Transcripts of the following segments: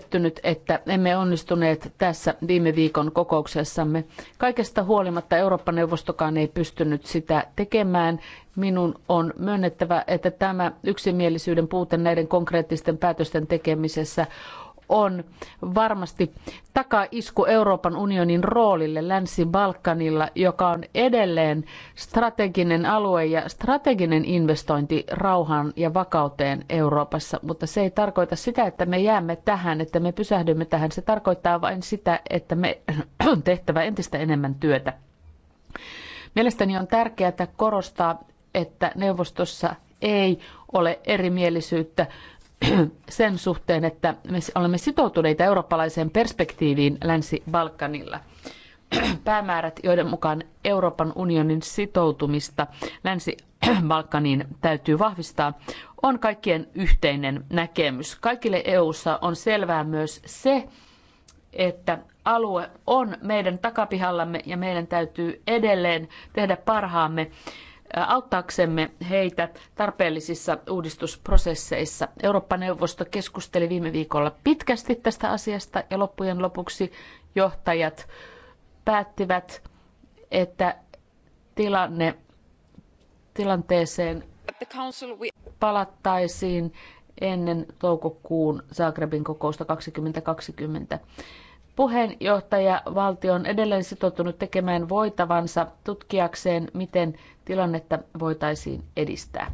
pettynyt, että emme onnistuneet tässä viime viikon kokouksessamme. Kaikesta huolimatta Eurooppa-neuvostokaan ei pystynyt sitä tekemään. Minun on myönnettävä, että tämä yksimielisyyden puute näiden konkreettisten päätösten tekemisessä on varmasti takaisku Euroopan unionin roolille Länsi-Balkanilla, joka on edelleen strateginen alue ja strateginen investointi rauhaan ja vakauteen Euroopassa. Mutta se ei tarkoita sitä, että me jäämme tähän, että me pysähdymme tähän. Se tarkoittaa vain sitä, että me on tehtävä entistä enemmän työtä. Mielestäni on tärkeää korostaa, että neuvostossa ei ole erimielisyyttä sen suhteen, että me olemme sitoutuneita eurooppalaiseen perspektiiviin Länsi-Balkanilla. Päämäärät, joiden mukaan Euroopan unionin sitoutumista Länsi-Balkaniin täytyy vahvistaa, on kaikkien yhteinen näkemys. Kaikille EU:ssa on selvää myös se, että alue on meidän takapihallamme ja meidän täytyy edelleen tehdä parhaamme, auttaaksemme heitä tarpeellisissa uudistusprosesseissa. Eurooppa-neuvosto keskusteli viime viikolla pitkästi tästä asiasta ja loppujen lopuksi johtajat päättivät, että tilanne, tilanteeseen palattaisiin ennen toukokuun Zagrebin kokousta 2020. Puheenjohtaja valtio on edelleen sitoutunut tekemään voitavansa tutkiakseen, miten tilannetta voitaisiin edistää.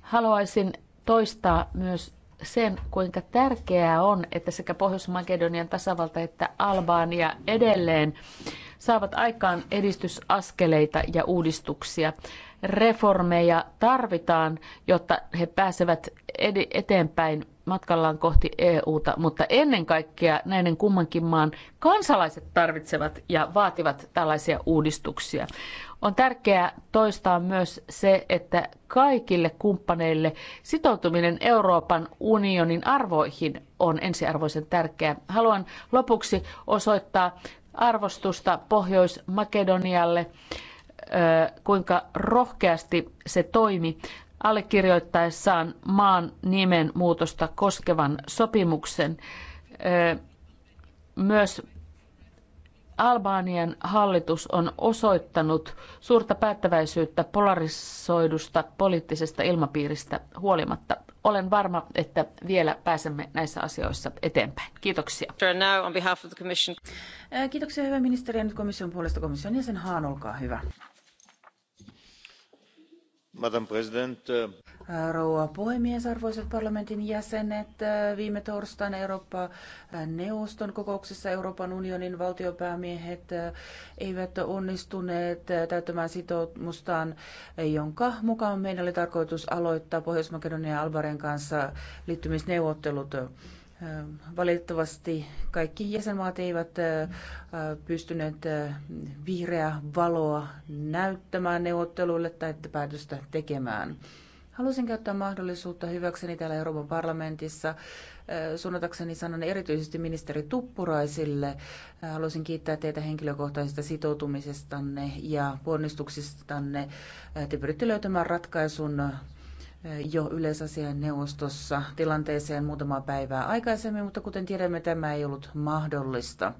Haluaisin toistaa myös sen, kuinka tärkeää on, että sekä Pohjois-Makedonian tasavalta että Albania edelleen saavat aikaan edistysaskeleita ja uudistuksia. Reformeja tarvitaan, jotta he pääsevät eteenpäin matkallaan kohti EUta, mutta ennen kaikkea näiden kummankin maan kansalaiset tarvitsevat ja vaativat tällaisia uudistuksia. On tärkeää toistaa myös se, että kaikille kumppaneille sitoutuminen Euroopan unionin arvoihin on ensiarvoisen tärkeää. Haluan lopuksi osoittaa arvostusta Pohjois-Makedonialle kuinka rohkeasti se toimi allekirjoittaessaan maan nimen muutosta koskevan sopimuksen. Myös Albanian hallitus on osoittanut suurta päättäväisyyttä polarisoidusta poliittisesta ilmapiiristä huolimatta. Olen varma, että vielä pääsemme näissä asioissa eteenpäin. Kiitoksia. Kiitoksia hyvä ministeri ja nyt komission puolesta komission jäsen Haan, olkaa hyvä. Madam President. Uh, Rouva puhemies, arvoisat parlamentin jäsenet, uh, viime torstaina Eurooppa-neuvoston uh, kokouksessa Euroopan unionin valtiopäämiehet eivät onnistuneet täyttämään sitoumustaan, jonka mukaan meidän oli tarkoitus aloittaa Pohjois-Makedonian ja Albarian kanssa liittymisneuvottelut. Valitettavasti kaikki jäsenmaat eivät pystyneet vihreää valoa näyttämään neuvotteluille tai että päätöstä tekemään. Halusin käyttää mahdollisuutta hyväkseni täällä Euroopan parlamentissa suunnatakseni sanon erityisesti ministeri Tuppuraisille. Haluaisin kiittää teitä henkilökohtaisesta sitoutumisestanne ja ponnistuksistanne. Te pyritte löytämään ratkaisun jo yleisasian neuvostossa tilanteeseen muutamaa päivää aikaisemmin, mutta kuten tiedämme, tämä ei ollut mahdollista.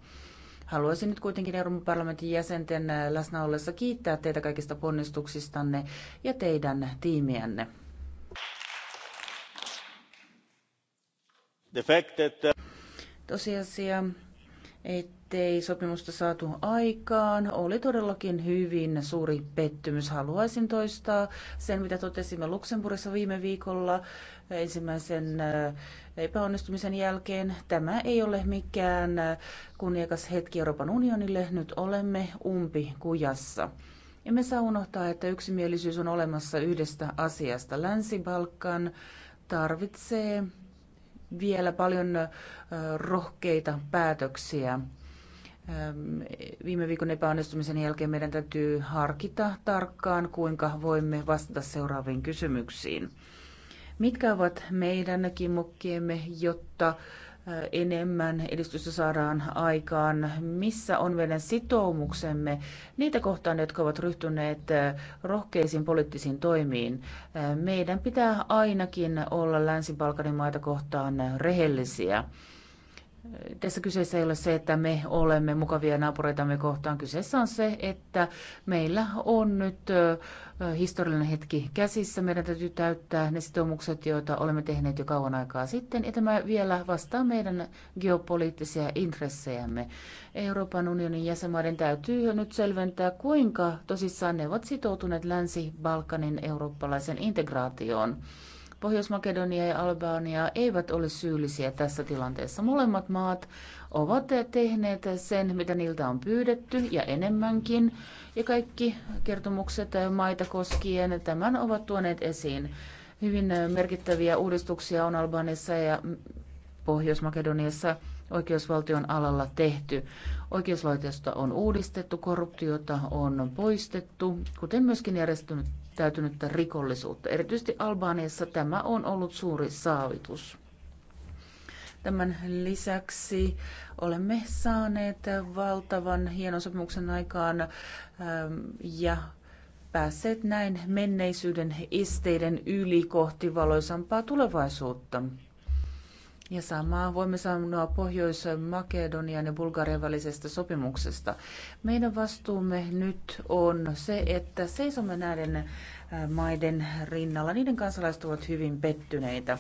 Haluaisin nyt kuitenkin Euroopan parlamentin jäsenten läsnä ollessa kiittää teitä kaikista ponnistuksistanne ja teidän tiimiänne. The fact that, uh, Tosiasia, ettei sopimusta saatu aikaan, oli todellakin hyvin suuri pettymys. Haluaisin toistaa sen, mitä totesimme Luxemburgissa viime viikolla ensimmäisen äh, epäonnistumisen jälkeen. Tämä ei ole mikään äh, kunniakas hetki Euroopan unionille. Nyt olemme umpi kujassa. Emme saa unohtaa, että yksimielisyys on olemassa yhdestä asiasta. Länsi-Balkan tarvitsee vielä paljon rohkeita päätöksiä. Viime viikon epäonnistumisen jälkeen meidän täytyy harkita tarkkaan, kuinka voimme vastata seuraaviin kysymyksiin. Mitkä ovat meidän kimmokkiemme, jotta enemmän edistystä saadaan aikaan, missä on meidän sitoumuksemme niitä kohtaan, jotka ovat ryhtyneet rohkeisiin poliittisiin toimiin. Meidän pitää ainakin olla Länsi-Balkanin maita kohtaan rehellisiä tässä kyseessä ei ole se, että me olemme mukavia naapureitamme kohtaan. Kyseessä on se, että meillä on nyt historiallinen hetki käsissä. Meidän täytyy täyttää ne sitoumukset, joita olemme tehneet jo kauan aikaa sitten. Ja tämä vielä vastaa meidän geopoliittisia intressejämme. Euroopan unionin jäsenmaiden täytyy nyt selventää, kuinka tosissaan ne ovat sitoutuneet Länsi-Balkanin eurooppalaisen integraatioon. Pohjois-Makedonia ja Albania eivät ole syyllisiä tässä tilanteessa. Molemmat maat ovat tehneet sen, mitä niiltä on pyydetty ja enemmänkin. Ja kaikki kertomukset maita koskien tämän ovat tuoneet esiin. Hyvin merkittäviä uudistuksia on Albanissa ja Pohjois-Makedoniassa oikeusvaltion alalla tehty. Oikeuslaitosta on uudistettu, korruptiota on poistettu, kuten myöskin järjestynyt järjestäytynyttä rikollisuutta. Erityisesti Albaniassa tämä on ollut suuri saavitus. Tämän lisäksi olemme saaneet valtavan hienon sopimuksen aikaan ähm, ja päässeet näin menneisyyden esteiden yli kohti valoisampaa tulevaisuutta. Ja samaa voimme sanoa Pohjois-Makedonian ja Bulgarian välisestä sopimuksesta. Meidän vastuumme nyt on se, että seisomme näiden äh, maiden rinnalla. Niiden kansalaiset ovat hyvin pettyneitä.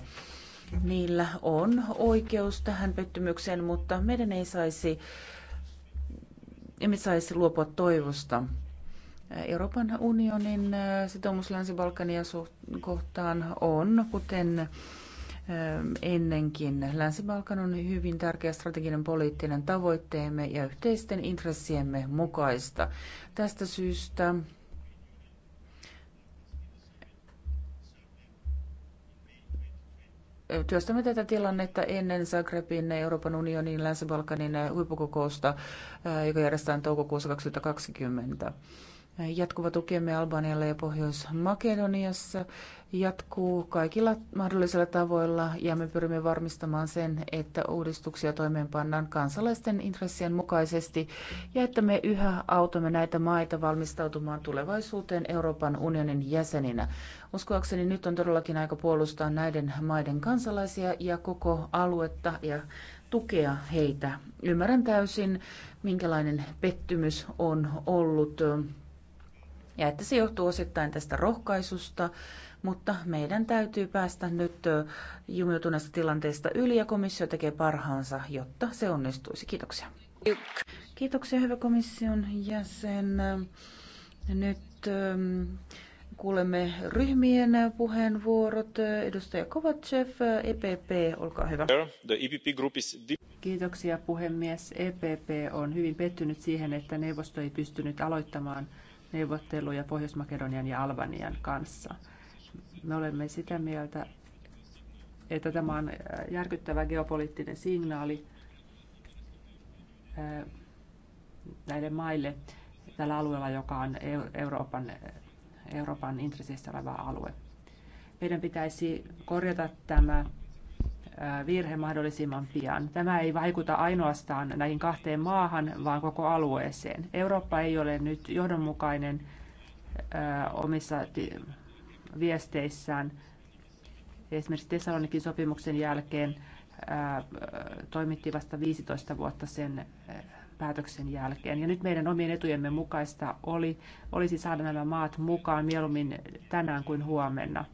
Niillä on oikeus tähän pettymykseen, mutta meidän ei saisi, emme saisi luopua toivosta. Euroopan unionin äh, sitoumus Länsi-Balkania kohtaan on, kuten ennenkin. Länsi-Balkan on hyvin tärkeä strateginen poliittinen tavoitteemme ja yhteisten intressiemme mukaista. Tästä syystä työstämme tätä tilannetta ennen Zagrebin Euroopan unionin Länsi-Balkanin huippukokousta, joka järjestetään toukokuussa 2020. Jatkuva tukemme Albanialle ja Pohjois-Makedoniassa jatkuu kaikilla mahdollisilla tavoilla ja me pyrimme varmistamaan sen, että uudistuksia toimeenpannaan kansalaisten intressien mukaisesti ja että me yhä autamme näitä maita valmistautumaan tulevaisuuteen Euroopan unionin jäseninä. Uskoakseni nyt on todellakin aika puolustaa näiden maiden kansalaisia ja koko aluetta ja tukea heitä. Ymmärrän täysin, minkälainen pettymys on ollut ja että se johtuu osittain tästä rohkaisusta, mutta meidän täytyy päästä nyt jumiutuneesta tilanteesta yli ja komissio tekee parhaansa, jotta se onnistuisi. Kiitoksia. Kiitoksia hyvä komission jäsen. Nyt kuulemme ryhmien puheenvuorot. Edustaja Kovacev, EPP, olkaa hyvä. E Kiitoksia puhemies. EPP on hyvin pettynyt siihen, että neuvosto ei pystynyt aloittamaan neuvotteluja Pohjois-Makedonian ja Albanian kanssa. Me olemme sitä mieltä, että tämä on äh, järkyttävä geopoliittinen signaali äh, näille maille tällä alueella, joka on Euroopan, Euroopan intressissä oleva alue. Meidän pitäisi korjata tämä virhe mahdollisimman pian. Tämä ei vaikuta ainoastaan näihin kahteen maahan, vaan koko alueeseen. Eurooppa ei ole nyt johdonmukainen omissa viesteissään. Esimerkiksi Tessalonikin sopimuksen jälkeen toimitti vasta 15 vuotta sen päätöksen jälkeen. Ja nyt meidän omien etujemme mukaista oli, olisi saada nämä maat mukaan mieluummin tänään kuin huomenna.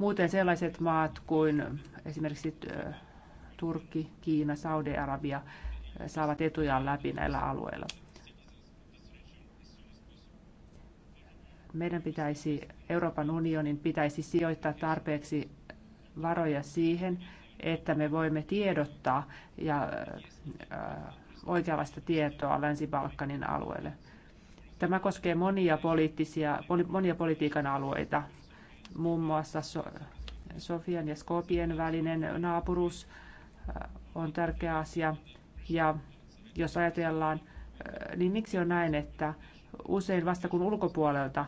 Muuten sellaiset maat kuin esimerkiksi Turkki, Kiina, Saudi-Arabia saavat etujaan läpi näillä alueilla. Meidän pitäisi, Euroopan unionin pitäisi sijoittaa tarpeeksi varoja siihen, että me voimme tiedottaa ja oikeanlaista tietoa Länsi-Balkanin alueelle. Tämä koskee monia, poliittisia, monia politiikan alueita, muun muassa Sofian ja Skopien välinen naapuruus äh, on tärkeä asia. Ja jos ajatellaan, äh, niin miksi on näin, että usein vasta kun ulkopuolelta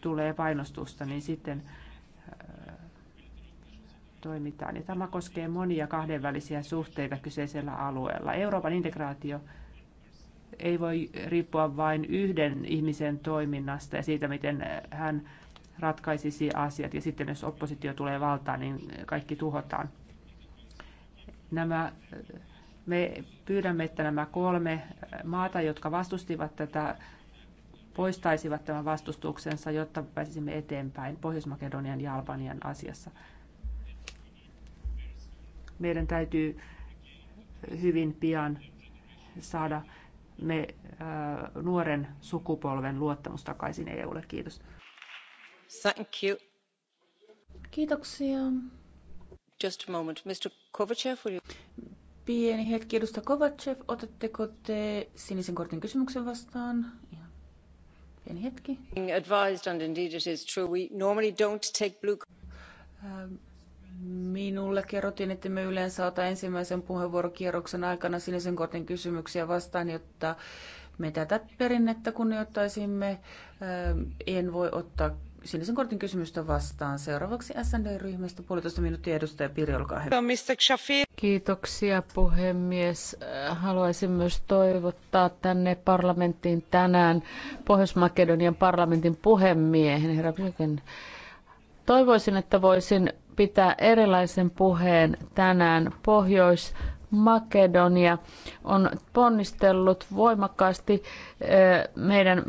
tulee painostusta, niin sitten äh, toimitaan. Ja tämä koskee monia kahdenvälisiä suhteita kyseisellä alueella. Euroopan integraatio ei voi riippua vain yhden ihmisen toiminnasta ja siitä, miten hän ratkaisisi asiat ja sitten jos oppositio tulee valtaan, niin kaikki tuhotaan. Nämä, me pyydämme, että nämä kolme maata, jotka vastustivat tätä, poistaisivat tämän vastustuksensa, jotta pääsisimme eteenpäin Pohjois-Makedonian ja Albanian asiassa. Meidän täytyy hyvin pian saada me äh, nuoren sukupolven luottamus takaisin EUlle. Kiitos. Kiitoksia. Just a moment. Mr. Kovacev, will you... Pieni hetki, edustaja Kovacev. Otatteko te sinisen kortin kysymyksen vastaan? Ihan pieni hetki. Advised and indeed it is true. We normally don't take blue... Ähm, minulle kerrottiin, että me yleensä ota ensimmäisen puheenvuorokierroksen aikana sinisen kortin kysymyksiä vastaan, jotta me tätä perinnettä kunnioittaisimme. Ähm, en voi ottaa sinisen kortin kysymystä vastaan. Seuraavaksi SND-ryhmästä puolitoista minuuttia edustaja Piri, olkaa hyvä. Kiitoksia puhemies. Haluaisin myös toivottaa tänne parlamenttiin tänään Pohjois-Makedonian parlamentin puhemiehen, herra Toivoisin, että voisin pitää erilaisen puheen tänään Pohjois- Makedonia on ponnistellut voimakkaasti eh, meidän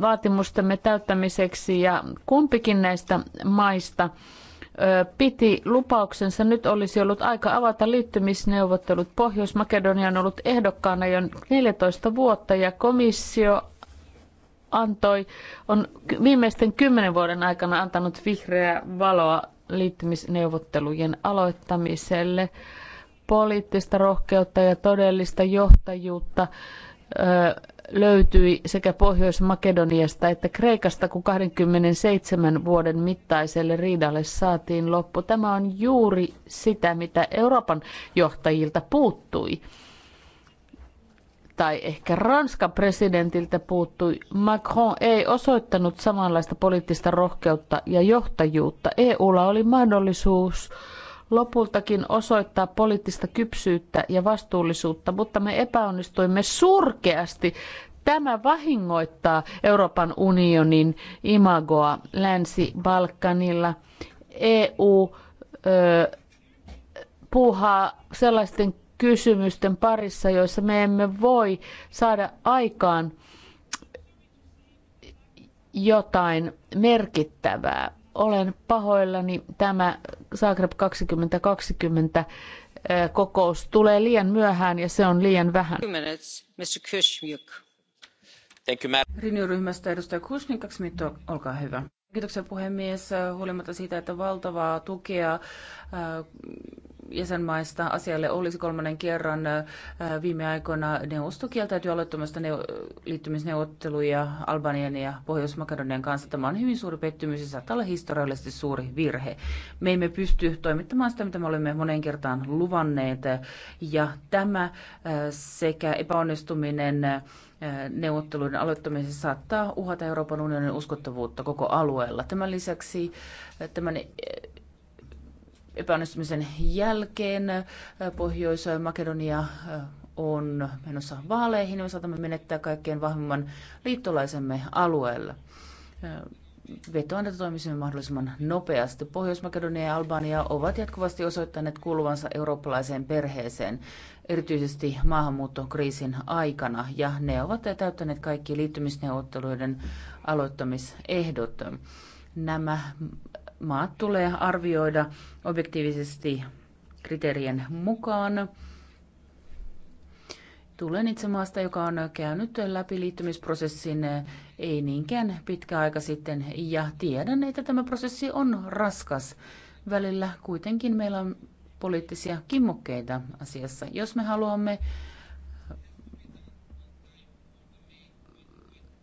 vaatimustemme täyttämiseksi ja kumpikin näistä maista eh, piti lupauksensa. Nyt olisi ollut aika avata liittymisneuvottelut. Pohjois-Makedonia on ollut ehdokkaana jo 14 vuotta ja komissio antoi, on viimeisten kymmenen vuoden aikana antanut vihreää valoa liittymisneuvottelujen aloittamiselle poliittista rohkeutta ja todellista johtajuutta löytyi sekä Pohjois-Makedoniasta että Kreikasta, kun 27 vuoden mittaiselle riidalle saatiin loppu. Tämä on juuri sitä, mitä Euroopan johtajilta puuttui. Tai ehkä Ranskan presidentiltä puuttui. Macron ei osoittanut samanlaista poliittista rohkeutta ja johtajuutta. EUlla oli mahdollisuus lopultakin osoittaa poliittista kypsyyttä ja vastuullisuutta, mutta me epäonnistuimme surkeasti. Tämä vahingoittaa Euroopan unionin imagoa Länsi-Balkanilla. EU ö, puuhaa sellaisten kysymysten parissa, joissa me emme voi saada aikaan jotain merkittävää. Olen pahoillani, tämä Zagreb 2020 eh, kokous tulee liian myöhään ja se on liian vähän. Rinnyryhmästä edustaja Kushnik, kaksi minuuttia, olkaa hyvä. Kiitoksia puhemies. Eh, huolimatta siitä, että valtavaa tukea eh, jäsenmaista asialle olisi kolmannen kerran viime aikoina neuvosto kieltäytyy aloittamasta ne, liittymisneuvotteluja Albanian ja Pohjois-Makedonian kanssa. Tämä on hyvin suuri pettymys ja saattaa olla historiallisesti suuri virhe. Me emme pysty toimittamaan sitä, mitä me olemme monen kertaan luvanneet ja tämä sekä epäonnistuminen neuvotteluiden aloittamisessa saattaa uhata Euroopan unionin uskottavuutta koko alueella. Tämän lisäksi tämän epäonnistumisen jälkeen Pohjois-Makedonia äh, on menossa vaaleihin, me saatamme menettää kaikkein vahvimman liittolaisemme alueella. Äh, vetoan, että toimisimme mahdollisimman nopeasti. Pohjois-Makedonia ja Albania ovat jatkuvasti osoittaneet kuuluvansa eurooppalaiseen perheeseen, erityisesti maahanmuuttokriisin aikana, ja ne ovat täyttäneet kaikki liittymisneuvotteluiden aloittamisehdot. Nämä maat tulee arvioida objektiivisesti kriteerien mukaan. Tulen itse maasta, joka on käynyt läpi liittymisprosessin eh, ei niinkään pitkä aika sitten, ja tiedän, että tämä prosessi on raskas. Välillä kuitenkin meillä on poliittisia kimmokkeita asiassa. Jos me haluamme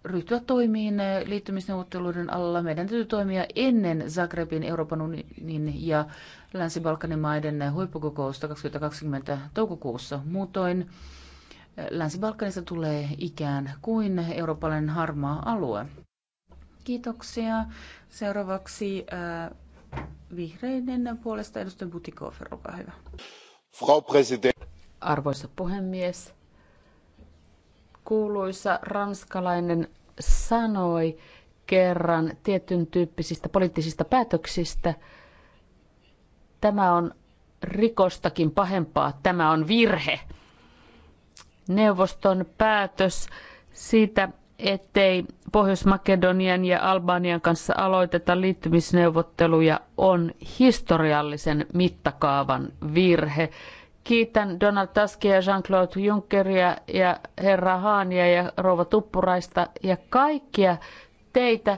ryhtyä toimiin eh, liittymisneuvotteluiden alla. Meidän täytyy toimia ennen Zagrebin Euroopan unionin ja Länsi-Balkanin maiden huippukokousta 2020 toukokuussa. Muutoin eh, Länsi-Balkanista tulee ikään kuin eurooppalainen harmaa alue. Kiitoksia. Seuraavaksi äh, vihreiden puolesta edustaja Butikofer, olkaa hyvä. Frau Arvoisa puhemies, kuuluisa ranskalainen sanoi kerran tietyn tyyppisistä poliittisista päätöksistä, tämä on rikostakin pahempaa, tämä on virhe. Neuvoston päätös siitä, ettei Pohjois-Makedonian ja Albanian kanssa aloiteta liittymisneuvotteluja, on historiallisen mittakaavan virhe. Kiitän Donald Tuskia, Jean-Claude Junckeria ja herra Haania ja rouva Tuppuraista ja kaikkia teitä,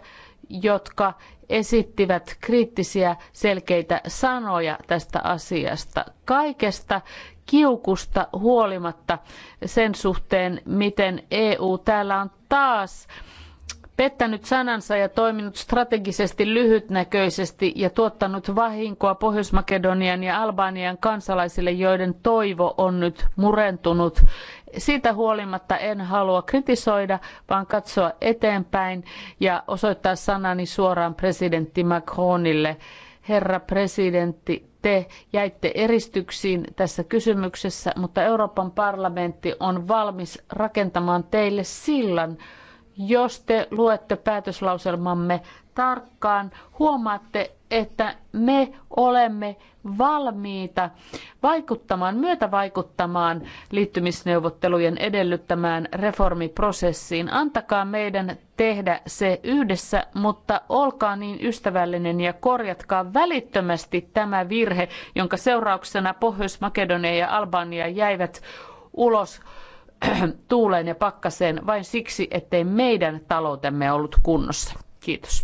jotka esittivät kriittisiä selkeitä sanoja tästä asiasta. Kaikesta kiukusta huolimatta sen suhteen, miten EU täällä on taas pettänyt sanansa ja toiminut strategisesti lyhytnäköisesti ja tuottanut vahinkoa Pohjois-Makedonian ja Albanian kansalaisille, joiden toivo on nyt murentunut. Siitä huolimatta en halua kritisoida, vaan katsoa eteenpäin ja osoittaa sanani suoraan presidentti Macronille. Herra presidentti, te jäitte eristyksiin tässä kysymyksessä, mutta Euroopan parlamentti on valmis rakentamaan teille sillan jos te luette päätöslauselmamme tarkkaan, huomaatte, että me olemme valmiita vaikuttamaan, myötävaikuttamaan liittymisneuvottelujen edellyttämään reformiprosessiin. Antakaa meidän tehdä se yhdessä, mutta olkaa niin ystävällinen ja korjatkaa välittömästi tämä virhe, jonka seurauksena Pohjois-Makedonia ja Albania jäivät ulos tuuleen ja pakkaseen vain siksi, ettei meidän taloutemme ollut kunnossa. Kiitos.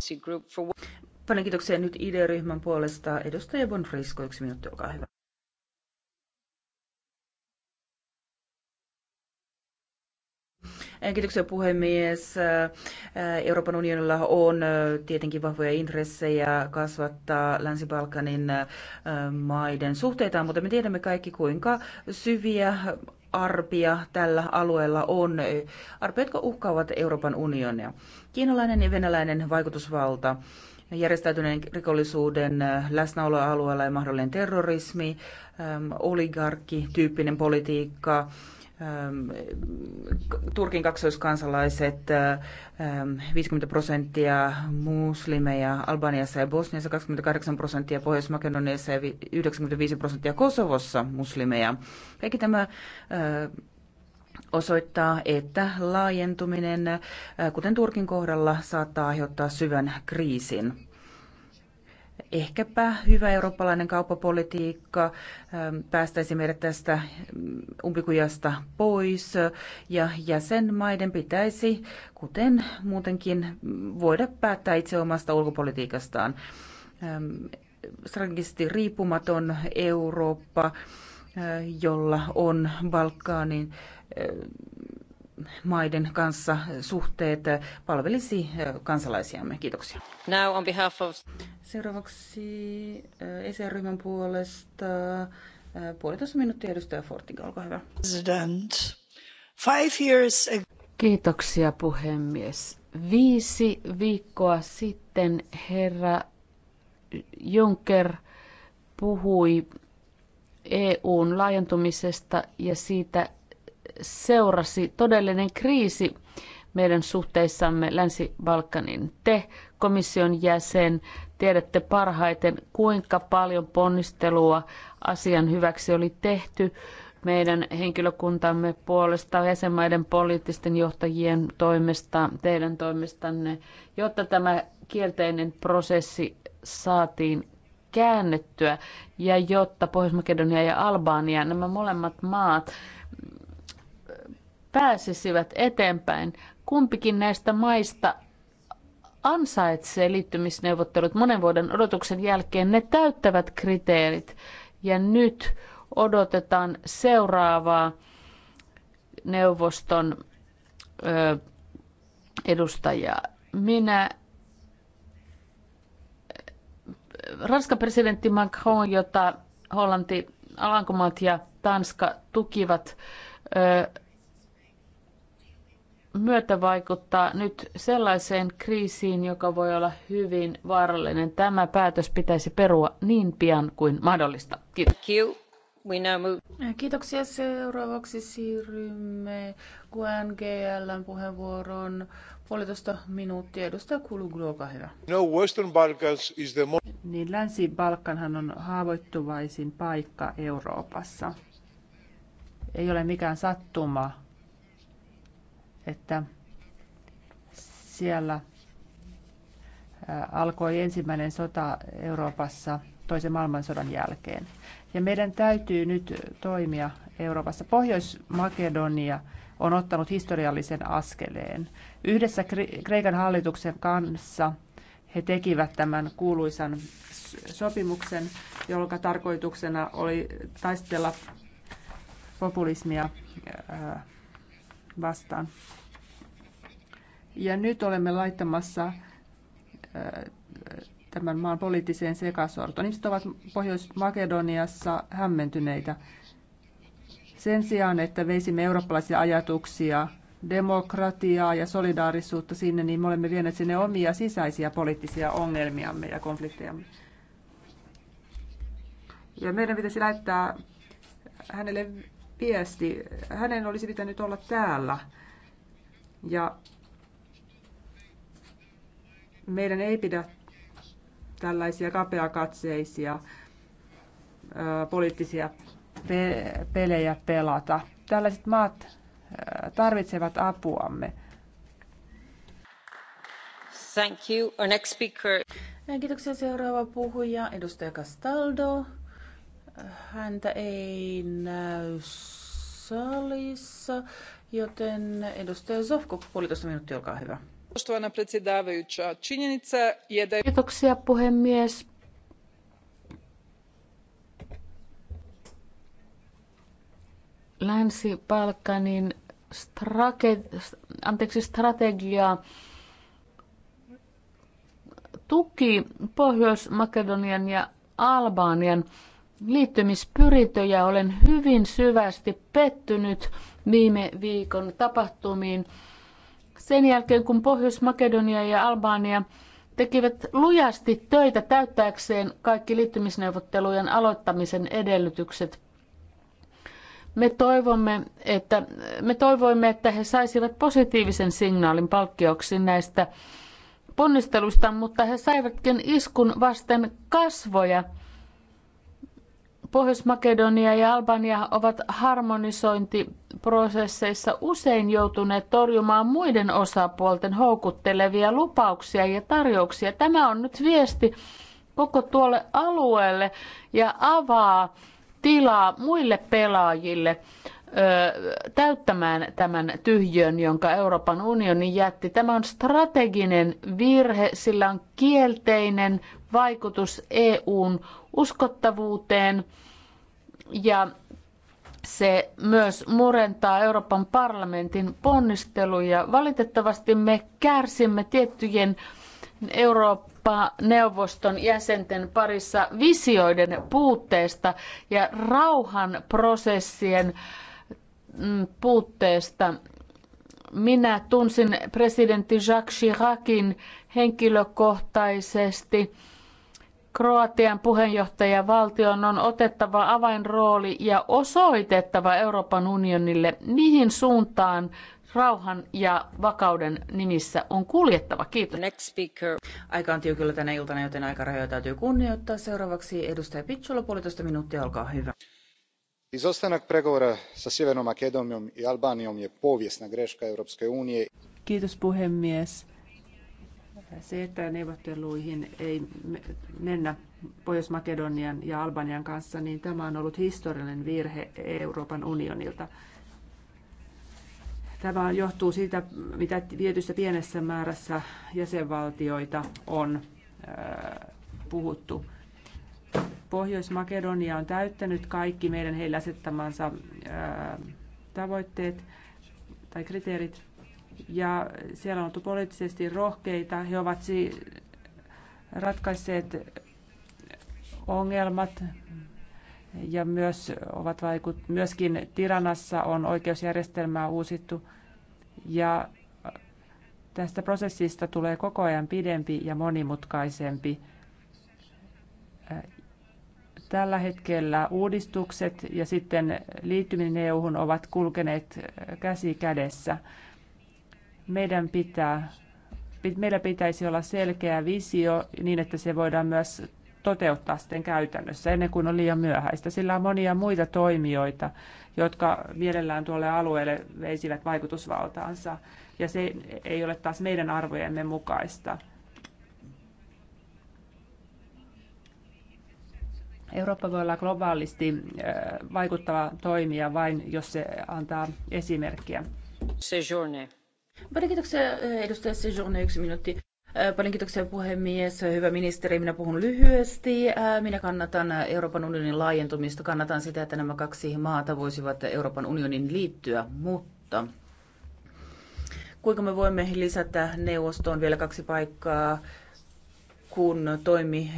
Paljon kiitoksia nyt ID-ryhmän puolesta. Edustaja Bonfrisko, yksi minuutti, olkaa hyvä. Kiitoksia puhemies. Euroopan unionilla on tietenkin vahvoja intressejä kasvattaa Länsi-Balkanin maiden suhteita, mutta me tiedämme kaikki, kuinka syviä arpia tällä alueella on, arpia, jotka uhkaavat Euroopan unionia. Kiinalainen ja venäläinen vaikutusvalta, järjestäytyneen rikollisuuden läsnäoloalueella ja mahdollinen terrorismi, oligarkki, tyyppinen politiikka, Ähm, Turkin kaksoiskansalaiset, 50 ähm, prosenttia muslimeja Albaniassa ja Bosniassa, 28 prosenttia Pohjois-Makedoniassa ja 95 prosenttia Kosovossa muslimeja. Kaikki tämä äh, osoittaa, että laajentuminen, äh, kuten Turkin kohdalla, saattaa aiheuttaa syvän kriisin ehkäpä hyvä eurooppalainen kauppapolitiikka ähm, päästäisi meidät tästä mm, umpikujasta pois ja jäsenmaiden pitäisi, kuten muutenkin, mm, voida päättää itse omasta ulkopolitiikastaan. Ähm, strategisesti riippumaton Eurooppa, äh, jolla on Balkaanin äh, maiden kanssa suhteet palvelisi kansalaisiamme. Kiitoksia. Now on behalf of... Seuraavaksi ESR-ryhmän puolesta puolitoista minuuttia edustaja Fortin, olkaa hyvä. President. Five years ago. Kiitoksia puhemies. Viisi viikkoa sitten herra Juncker puhui EUn laajentumisesta ja siitä, seurasi todellinen kriisi meidän suhteissamme Länsi-Balkanin. Te, komission jäsen, tiedätte parhaiten, kuinka paljon ponnistelua asian hyväksi oli tehty meidän henkilökuntamme puolesta, jäsenmaiden poliittisten johtajien toimesta, teidän toimestanne, jotta tämä kielteinen prosessi saatiin käännettyä ja jotta Pohjois-Makedonia ja Albania, nämä molemmat maat, pääsisivät eteenpäin. Kumpikin näistä maista ansaitsee liittymisneuvottelut monen vuoden odotuksen jälkeen. Ne täyttävät kriteerit ja nyt odotetaan seuraavaa neuvoston ö, edustajaa. Minä Ranskan presidentti Macron, jota Hollanti, Alankomaat ja Tanska tukivat, ö, myötävaikuttaa nyt sellaiseen kriisiin, joka voi olla hyvin vaarallinen. Tämä päätös pitäisi perua niin pian kuin mahdollista. Kiitos. Kiitoksia. Seuraavaksi siirrymme QNGLn puheenvuoroon. puolitoista minuuttia. Edustaja Kuluglu, olkaa hyvä. No, Western Balkans is the most... Niin Länsi-Balkanhan on haavoittuvaisin paikka Euroopassa. Ei ole mikään sattuma, että siellä alkoi ensimmäinen sota Euroopassa toisen maailmansodan jälkeen. Ja meidän täytyy nyt toimia Euroopassa. Pohjois-Makedonia on ottanut historiallisen askeleen. Yhdessä Kreikan hallituksen kanssa he tekivät tämän kuuluisan sopimuksen, jonka tarkoituksena oli taistella populismia vastaan. Ja nyt olemme laittamassa äh, tämän maan poliittiseen sekasortoon. Ihmiset ovat Pohjois-Makedoniassa hämmentyneitä. Sen sijaan, että veisimme eurooppalaisia ajatuksia, demokratiaa ja solidaarisuutta sinne, niin me olemme vieneet sinne omia sisäisiä poliittisia ongelmiamme ja konfliktejamme. Ja meidän pitäisi lähettää hänelle viesti. Hänen olisi pitänyt olla täällä. Ja meidän ei pidä tällaisia kapeakatseisia poliittisia pe- pelejä pelata. Tällaiset maat tarvitsevat apuamme. Thank you. Our next speaker. Kiitoksia seuraava puhuja, edustaja Castaldo. Häntä ei näy salissa, joten edustaja Zofko, puolitoista minuuttia, olkaa hyvä. Kiitoksia puhemies. Länsi-Balkanin strate- anteeksi, strategia tuki Pohjois-Makedonian ja Albanian liittymispyrintöjä. Olen hyvin syvästi pettynyt viime viikon tapahtumiin. Sen jälkeen, kun Pohjois-Makedonia ja Albania tekivät lujasti töitä täyttääkseen kaikki liittymisneuvottelujen aloittamisen edellytykset. Me, toivomme, että, me toivoimme, että he saisivat positiivisen signaalin palkkioksi näistä ponnisteluista, mutta he saivatkin iskun vasten kasvoja – Pohjois-Makedonia ja Albania ovat harmonisointiprosesseissa usein joutuneet torjumaan muiden osapuolten houkuttelevia lupauksia ja tarjouksia. Tämä on nyt viesti koko tuolle alueelle ja avaa tilaa muille pelaajille täyttämään tämän tyhjön, jonka Euroopan unioni jätti. Tämä on strateginen virhe, sillä on kielteinen vaikutus EUn uskottavuuteen ja se myös murentaa Euroopan parlamentin ponnisteluja. Valitettavasti me kärsimme tiettyjen Eurooppa-neuvoston jäsenten parissa visioiden puutteesta ja rauhan prosessien mm, puutteesta. Minä tunsin presidentti Jacques Chiracin henkilökohtaisesti Kroatian puheenjohtajavaltion on otettava avainrooli ja osoitettava Euroopan unionille, mihin suuntaan rauhan ja vakauden nimissä on kuljettava. Kiitos. Next speaker. Aika on tiukilla tänä iltana, joten aikarajoja täytyy kunnioittaa. Seuraavaksi edustaja Pitsola, puolitoista minuuttia, olkaa hyvä. Izostanak pregovora sa Sjevernom Makedonijom i Albanijom je povijesna greška Europske unije. Kiitos puhemies. Se, että neuvotteluihin ei mennä Pohjois-Makedonian ja Albanian kanssa, niin tämä on ollut historiallinen virhe Euroopan unionilta. Tämä johtuu siitä, mitä tietyssä pienessä määrässä jäsenvaltioita on äh, puhuttu. Pohjois-Makedonia on täyttänyt kaikki meidän heille asettamansa äh, tavoitteet tai kriteerit, ja siellä on oltu poliittisesti rohkeita. He ovat si- ratkaisseet ongelmat ja myös ovat vaikut- myöskin Tiranassa on oikeusjärjestelmää uusittu ja tästä prosessista tulee koko ajan pidempi ja monimutkaisempi. Tällä hetkellä uudistukset ja sitten liittyminen EU-hun ovat kulkeneet käsi kädessä. Meidän pitää, meillä pitäisi olla selkeä visio niin, että se voidaan myös toteuttaa sitten käytännössä ennen kuin on liian myöhäistä. Sillä on monia muita toimijoita, jotka mielellään tuolle alueelle veisivät vaikutusvaltaansa. Ja se ei ole taas meidän arvojemme mukaista. Eurooppa voi olla globaalisti vaikuttava toimija vain, jos se antaa esimerkkiä. Sejourne. Paljon kiitoksia eh, edustaja Sejourne, yksi minuutti. Eh, paljon kiitoksia puhemies. Hyvä ministeri, minä puhun lyhyesti. Eh, minä kannatan Euroopan unionin laajentumista. Kannatan sitä, että nämä kaksi maata voisivat Euroopan unionin liittyä, mutta kuinka me voimme lisätä neuvostoon vielä kaksi paikkaa, kun toimi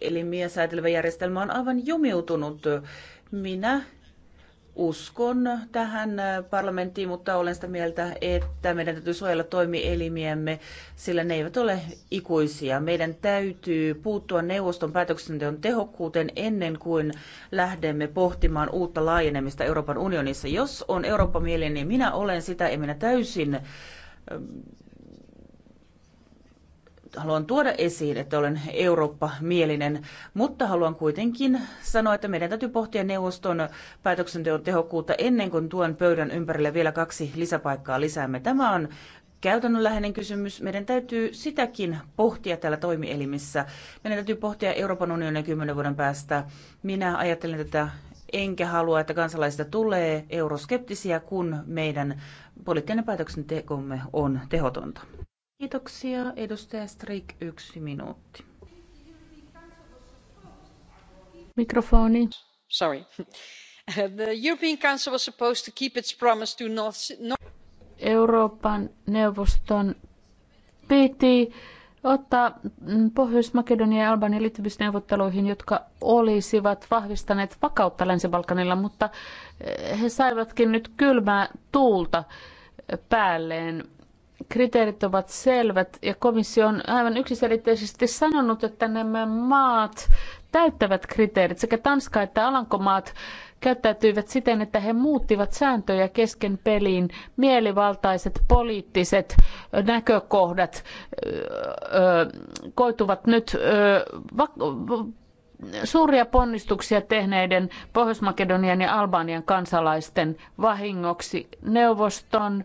elimiä säätelevä järjestelmä on aivan jumiutunut. Minä uskon tähän parlamenttiin, mutta olen sitä mieltä, että meidän täytyy suojella toimielimiämme, sillä ne eivät ole ikuisia. Meidän täytyy puuttua neuvoston päätöksenteon tehokkuuteen ennen kuin lähdemme pohtimaan uutta laajenemista Euroopan unionissa. Jos on Eurooppa mieli, niin minä olen sitä ja minä täysin haluan tuoda esiin, että olen Eurooppa-mielinen, mutta haluan kuitenkin sanoa, että meidän täytyy pohtia neuvoston päätöksenteon tehokkuutta ennen kuin tuon pöydän ympärille vielä kaksi lisäpaikkaa lisäämme. Tämä on käytännönläheinen kysymys. Meidän täytyy sitäkin pohtia täällä toimielimissä. Meidän täytyy pohtia Euroopan unionin kymmenen vuoden päästä. Minä ajattelen tätä enkä halua, että kansalaisista tulee euroskeptisiä, kun meidän poliittinen päätöksentekomme on tehotonta. Kiitoksia. Edustaja Strik, yksi minuutti. Mikrofoni. Sorry. The European Council was supposed to keep its promise to North... Euroopan neuvoston piti ottaa mm, Pohjois-Makedonia ja Albania liittymisneuvotteluihin, jotka olisivat vahvistaneet vakautta Länsi-Balkanilla, mutta eh, he saivatkin nyt kylmää tuulta päälleen kriteerit ovat selvät ja komissio on aivan yksiselitteisesti sanonut, että nämä maat täyttävät kriteerit. Sekä Tanska että Alankomaat käyttäytyivät siten, että he muuttivat sääntöjä kesken peliin. Mielivaltaiset poliittiset näkökohdat koituvat nyt suuria ponnistuksia tehneiden Pohjois-Makedonian ja Albanian kansalaisten vahingoksi. Neuvoston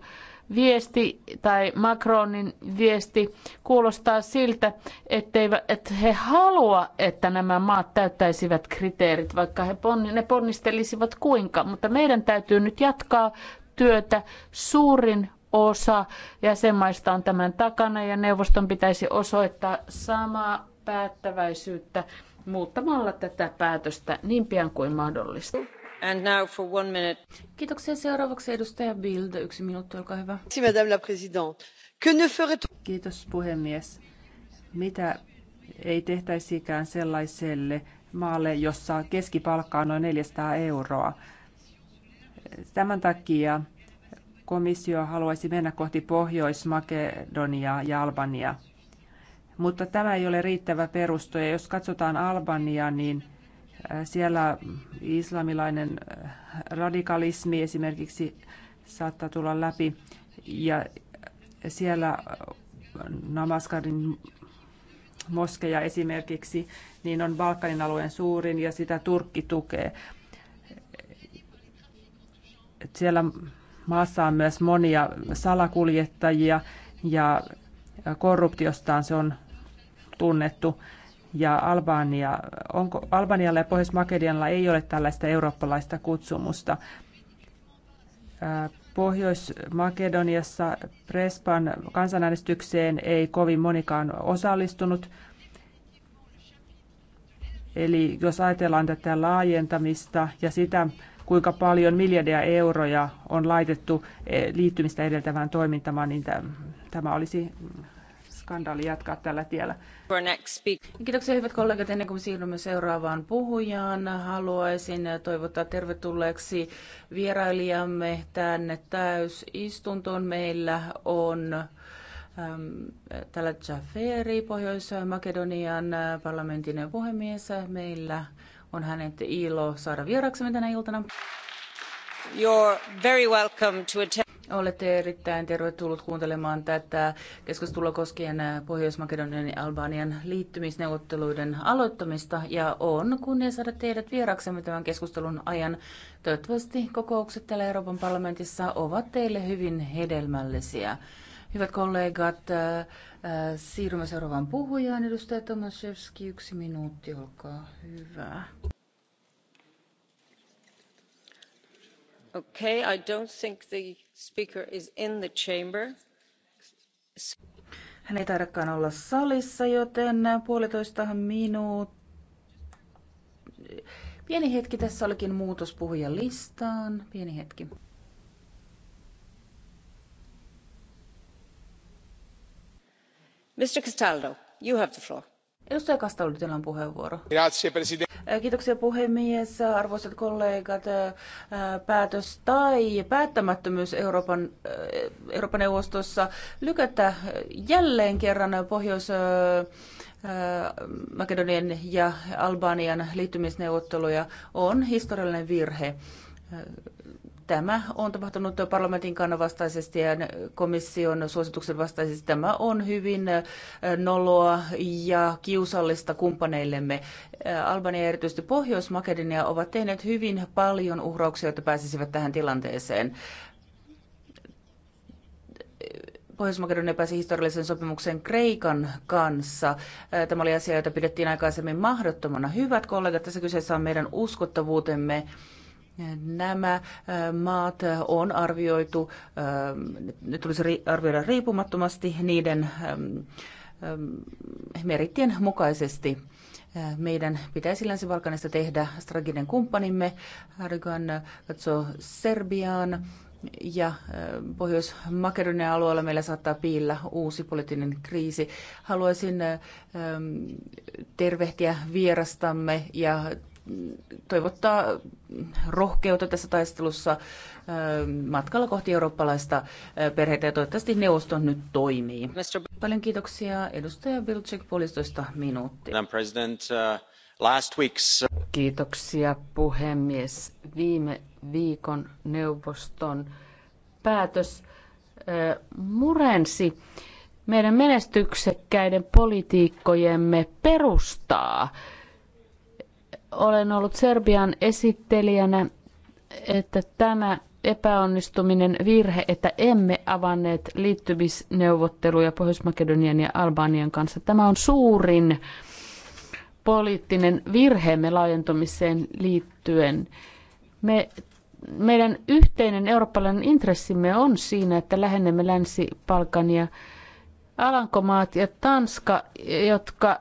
viesti tai Macronin viesti kuulostaa siltä, ettei, että he halua, että nämä maat täyttäisivät kriteerit, vaikka he ponni, ne ponnistelisivat kuinka. Mutta meidän täytyy nyt jatkaa työtä. Suurin osa jäsenmaista on tämän takana ja neuvoston pitäisi osoittaa samaa päättäväisyyttä muuttamalla tätä päätöstä niin pian kuin mahdollista. Kiitos puhemies. Mitä ei tehtäisikään sellaiselle maalle, jossa keskipalkka on noin 400 euroa. Tämän takia komissio haluaisi mennä kohti Pohjois-Makedoniaa ja Albania. Mutta tämä ei ole riittävä peruste. Jos katsotaan Albaniaa, niin siellä islamilainen äh, radikalismi esimerkiksi saattaa tulla läpi ja siellä Namaskarin moskeja esimerkiksi, niin on Balkanin alueen suurin ja sitä Turkki tukee. Siellä maassa on myös monia salakuljettajia ja korruptiostaan se on tunnettu ja Albania, onko Albanialla ja Pohjois-Makedonialla ei ole tällaista eurooppalaista kutsumusta. Pohjois-Makedoniassa Prespan kansanäänestykseen ei kovin monikaan osallistunut. Eli jos ajatellaan tätä laajentamista ja sitä, kuinka paljon miljardia euroja on laitettu eh, liittymistä edeltävään toimintamaan, niin tämä olisi skandaali jatkaa tällä tiellä. Kiitoksia hyvät kollegat. Ennen kuin siirrymme seuraavaan puhujaan, haluaisin toivottaa tervetulleeksi vierailijamme tänne täysistuntoon. Meillä on Täällä Jafferi, Pohjois-Makedonian parlamentin puhemies. Meillä on hänet ilo saada vieraksemme tänä iltana. You're very welcome to attend. Olette erittäin tervetullut kuuntelemaan tätä keskustelua koskien äh, Pohjois-Makedonian ja Albanian liittymisneuvotteluiden aloittamista. Ja on kunnia saada teidät vieraksemme tämän keskustelun ajan. Toivottavasti kokoukset täällä Euroopan parlamentissa ovat teille hyvin hedelmällisiä. Hyvät kollegat, äh, äh, siirrymme seuraavaan puhujaan. Edustaja Tomaszewski, yksi minuutti, olkaa hyvä. Okay, I don't think the hän ei taidakaan olla salissa, joten puolitoista minuuttia. Pieni hetki, tässä olikin muutos puhujalistaan. Pieni hetki. Mr. Castaldo, you have the floor Edustaja Kastaldi, teillä on puheenvuoro. Kiitoksia puhemies, arvoisat kollegat. Päätös tai päättämättömyys Euroopan, Euroopan neuvostossa lykätä jälleen kerran Pohjois Makedonian ja Albanian liittymisneuvotteluja on historiallinen virhe. Tämä on tapahtunut parlamentin kannan vastaisesti ja komission suosituksen vastaisesti. Tämä on hyvin äh, noloa ja kiusallista kumppaneillemme. Äh, Albania ja erityisesti Pohjois-Makedonia ovat tehneet hyvin paljon uhrauksia, jotta pääsisivät tähän tilanteeseen. Pohjois-Makedonia pääsi historiallisen sopimuksen Kreikan kanssa. Äh, tämä oli asia, jota pidettiin aikaisemmin mahdottomana. Hyvät kollegat, tässä kyseessä on meidän uskottavuutemme Nämä äh, maat äh, on arvioitu, äh, ne tulisi arvioida riippumattomasti niiden ähm, ähm, merittien mukaisesti. Meidän pitäisi Länsi-Balkanista tehdä strateginen kumppanimme. Erdogan katsoo Serbiaan ja Pohjois-Makedonian alueella meillä saattaa piillä uusi poliittinen kriisi. Haluaisin ähm, tervehtiä vierastamme ja toivottaa rohkeutta tässä taistelussa ähm, matkalla kohti eurooppalaista äh, perhettä ja toivottavasti neuvosto nyt toimii. Paljon kiitoksia edustaja Bilcek puolitoista minuuttia. Uh, uh, kiitoksia puhemies. Viime viikon neuvoston päätös äh, murensi meidän menestyksekkäiden politiikkojemme perustaa olen ollut Serbian esittelijänä, että tämä epäonnistuminen virhe, että emme avanneet liittymisneuvotteluja Pohjois-Makedonian ja Albanian kanssa. Tämä on suurin poliittinen virheemme laajentumiseen liittyen. Me, meidän yhteinen eurooppalainen intressimme on siinä, että lähennemme Länsi-Balkania. Alankomaat ja Tanska, jotka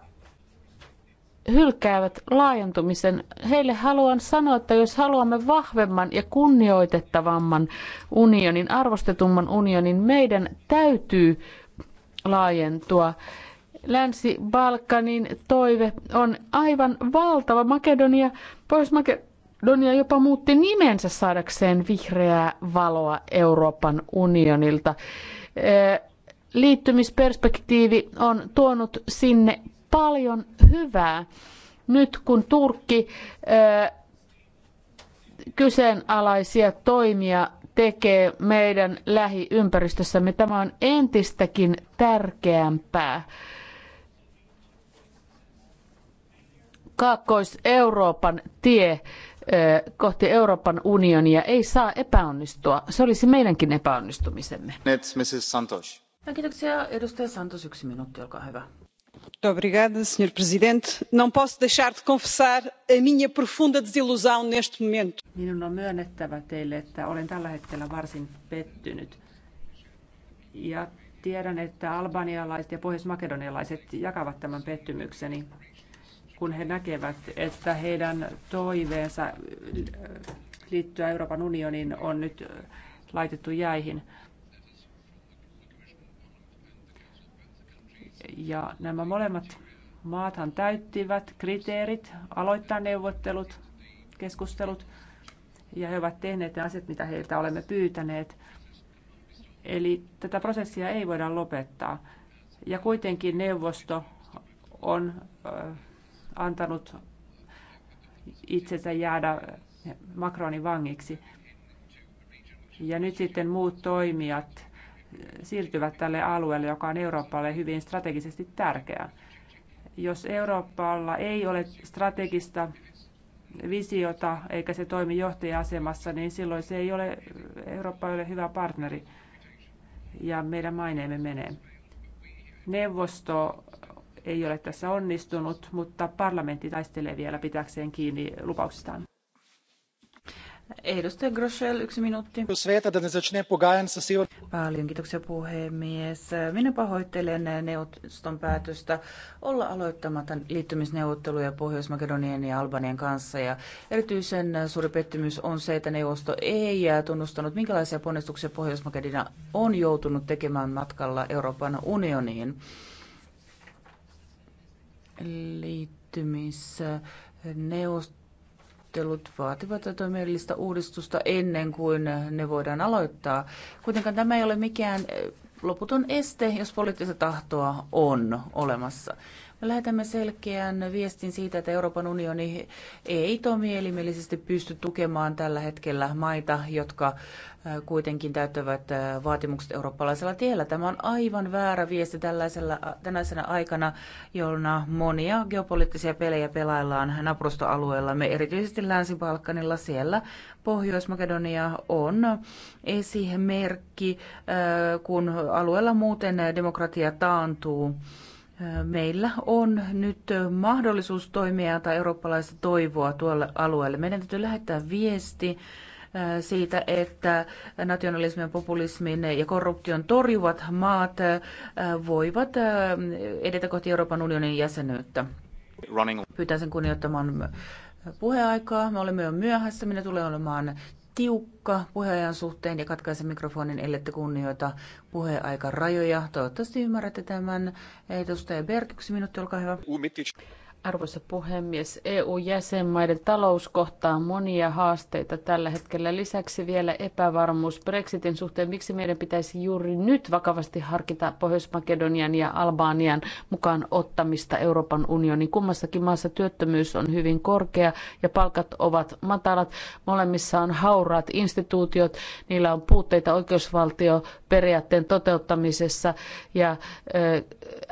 hylkäävät laajentumisen. Heille haluan sanoa, että jos haluamme vahvemman ja kunnioitettavamman unionin, arvostetumman unionin, meidän täytyy laajentua. Länsi-Balkanin toive on aivan valtava. Makedonia, Pohjois-Makedonia jopa muutti nimensä saadakseen vihreää valoa Euroopan unionilta. Liittymisperspektiivi on tuonut sinne paljon hyvää nyt kun Turkki ö, kyseenalaisia toimia tekee meidän lähiympäristössämme. Tämä on entistäkin tärkeämpää. Kaakkois-Euroopan tie kohti Euroopan unionia ei saa epäonnistua. Se olisi meidänkin epäonnistumisemme. No, kiitoksia. Edustaja Santos, yksi minuutti, olkaa hyvä senhor presidente não posso deixar de confessar a minha profunda desilusão neste momento. minun on myönnettävä teille että olen tällä hetkellä varsin pettynyt ja tiedän että albanialaiset ja pohjoismakedonialaiset jakavat tämän pettymykseni kun he näkevät että heidän toiveensa liittyä euroopan unioniin on nyt laitettu jäihin. Ja nämä molemmat maathan täyttivät kriteerit aloittaa neuvottelut, keskustelut, ja he ovat tehneet ne asiat, mitä heiltä olemme pyytäneet. Eli tätä prosessia ei voida lopettaa. Ja kuitenkin neuvosto on antanut itsensä jäädä Macronin vangiksi. Ja nyt sitten muut toimijat siirtyvät tälle alueelle, joka on Euroopalle hyvin strategisesti tärkeä. Jos Euroopalla ei ole strategista visiota eikä se toimi johtaja-asemassa, niin silloin se ei ole, Euroopalle hyvä partneri ja meidän maineemme menee. Neuvosto ei ole tässä onnistunut, mutta parlamentti taistelee vielä pitäkseen kiinni lupauksistaan. Edustaja Groschel, yksi minuutti. Paljon kiitoksia puhemies. Minä pahoittelen neuvoston päätöstä olla aloittamatta liittymisneuvotteluja Pohjois-Makedonian ja Albanian kanssa. Ja erityisen suuri pettymys on se, että neuvosto ei tunnustanut, minkälaisia ponnistuksia Pohjois-Makedonia on joutunut tekemään matkalla Euroopan unioniin. Liittymisneuvosto neuvottelut vaativat toimielistä uudistusta ennen kuin ne voidaan aloittaa. Kuitenkaan tämä ei ole mikään eh, loputon este, jos poliittista tahtoa on olemassa. Lähetämme selkeän viestin siitä, että Euroopan unioni ei toimielimellisesti pysty tukemaan tällä hetkellä maita, jotka äh, kuitenkin täyttävät äh, vaatimukset eurooppalaisella tiellä. Tämä on aivan väärä viesti tällaisella, äh, tänäisenä aikana, jolloin monia geopoliittisia pelejä pelaillaan naprustoalueella. Me erityisesti Länsi-Balkanilla siellä Pohjois-Makedonia on esimerkki, kun alueella muuten demokratia taantuu meillä on nyt mahdollisuus toimia tai eurooppalaista toivoa tuolle alueelle. Meidän täytyy lähettää viesti äh, siitä, että nationalismin, populismin ja korruption torjuvat maat äh, voivat äh, edetä kohti Euroopan unionin jäsenyyttä. Pyytäisin kunnioittamaan puheaikaa. Me olemme jo myöhässä. Minä tulee olemaan tiukka puheajan suhteen ja katkaise mikrofonin, ellette kunnioita puheaikarajoja. Toivottavasti ymmärrätte tämän. Edustaja Berg, yksi minuutti, olkaa hyvä. Arvoisa puhemies, EU-jäsenmaiden talous kohtaa monia haasteita tällä hetkellä. Lisäksi vielä epävarmuus Brexitin suhteen. Miksi meidän pitäisi juuri nyt vakavasti harkita Pohjois-Makedonian ja Albanian mukaan ottamista Euroopan unionin? Kummassakin maassa työttömyys on hyvin korkea ja palkat ovat matalat. Molemmissa on hauraat instituutiot, niillä on puutteita oikeusvaltioperiaatteen toteuttamisessa ja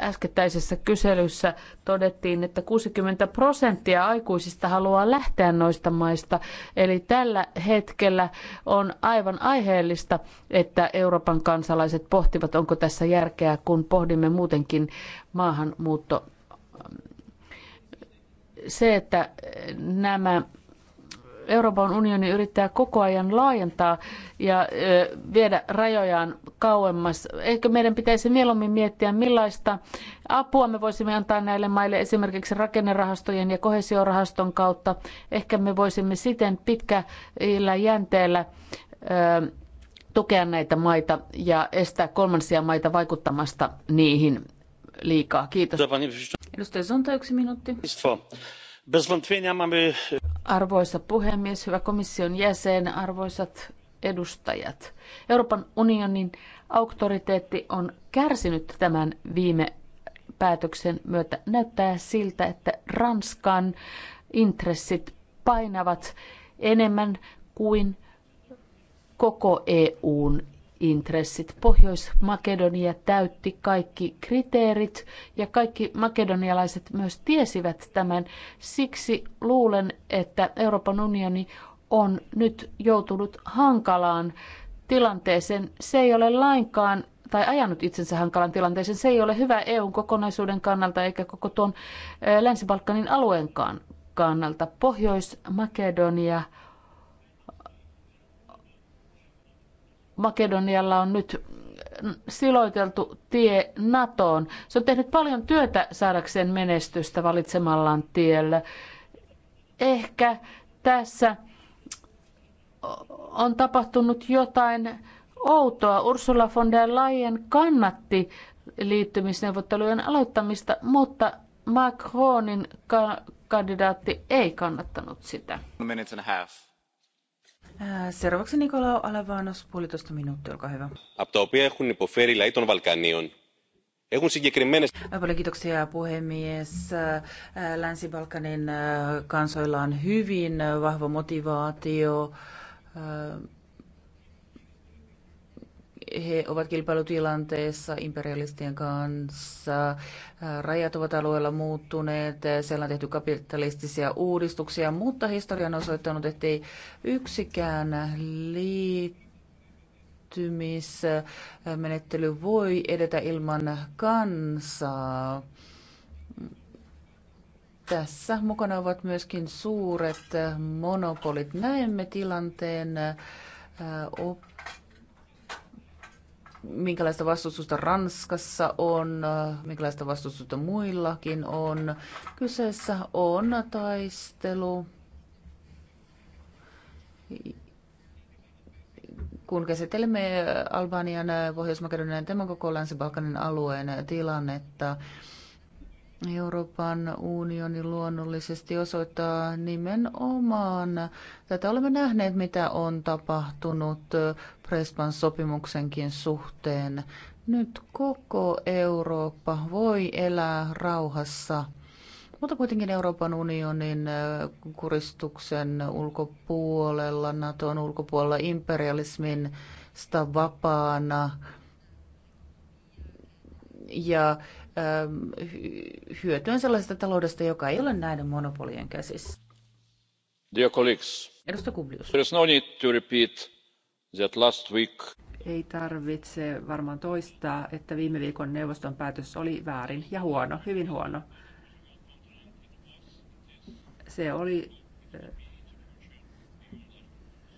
äskettäisessä kyselyssä todettiin, että 60 prosenttia aikuisista haluaa lähteä noista maista. Eli tällä hetkellä on aivan aiheellista, että Euroopan kansalaiset pohtivat, onko tässä järkeä, kun pohdimme muutenkin maahanmuutto. Se, että nämä Euroopan unioni yrittää koko ajan laajentaa ja viedä rajojaan kauemmas. Eikö meidän pitäisi mieluummin miettiä, millaista apua me voisimme antaa näille maille esimerkiksi rakennerahastojen ja kohesiorahaston kautta. Ehkä me voisimme siten pitkällä jänteellä tukea näitä maita ja estää kolmansia maita vaikuttamasta niihin liikaa. Kiitos. Edustaja Sonta, yksi minuutti. Arvoisa puhemies, hyvä komission jäsen, arvoisat edustajat. Euroopan unionin auktoriteetti on kärsinyt tämän viime päätöksen myötä. Näyttää siltä, että Ranskan intressit painavat enemmän kuin koko EUn intressit. Pohjois-Makedonia täytti kaikki kriteerit ja kaikki makedonialaiset myös tiesivät tämän. Siksi luulen, että Euroopan unioni on nyt joutunut hankalaan tilanteeseen. Se ei ole lainkaan tai ajanut itsensä hankalan tilanteeseen. Se ei ole hyvä EUn kokonaisuuden kannalta eikä koko tuon Länsi-Balkanin alueenkaan kannalta. Pohjois-Makedonia Makedonialla on nyt siloiteltu tie NATOon. Se on tehnyt paljon työtä saadakseen menestystä valitsemallaan tiellä. Ehkä tässä on tapahtunut jotain outoa. Ursula von der Leyen kannatti liittymisneuvottelujen aloittamista, mutta Macronin ka- kandidaatti ei kannattanut sitä. Minutes and a half. Seuraavaksi Nikola Alevanos, puolitoista minuuttia, olkaa hyvä. Από τα οποία έχουν υποφέρει λαοί των Paljon kiitoksia puhemies. Länsi-Balkanin kansoilla on hyvin vahva motivaatio he ovat kilpailutilanteessa imperialistien kanssa. Rajat ovat alueella muuttuneet, siellä on tehty kapitalistisia uudistuksia, mutta historia on osoittanut, ettei yksikään liittymismenettely voi edetä ilman kansaa. Tässä mukana ovat myöskin suuret monopolit. Näemme tilanteen op- minkälaista vastustusta Ranskassa on, minkälaista vastustusta muillakin on. Kyseessä on taistelu, kun käsittelemme Albanian, Pohjois-Makedonian ja koko Länsi-Balkanin alueen tilannetta. Euroopan unioni luonnollisesti osoittaa nimenomaan. Tätä olemme nähneet, mitä on tapahtunut Prespan sopimuksenkin suhteen. Nyt koko Eurooppa voi elää rauhassa, mutta kuitenkin Euroopan unionin äh, kuristuksen ulkopuolella, Naton ulkopuolella, imperialismin sta vapaana ja ähm, hyötyön sellaisesta taloudesta, joka ei ole näiden monopolien käsissä. Dear colleagues, there is no need to repeat that last week ei tarvitse varmaan toistaa, että viime viikon neuvoston päätös oli väärin ja huono, hyvin huono. Se oli, eh,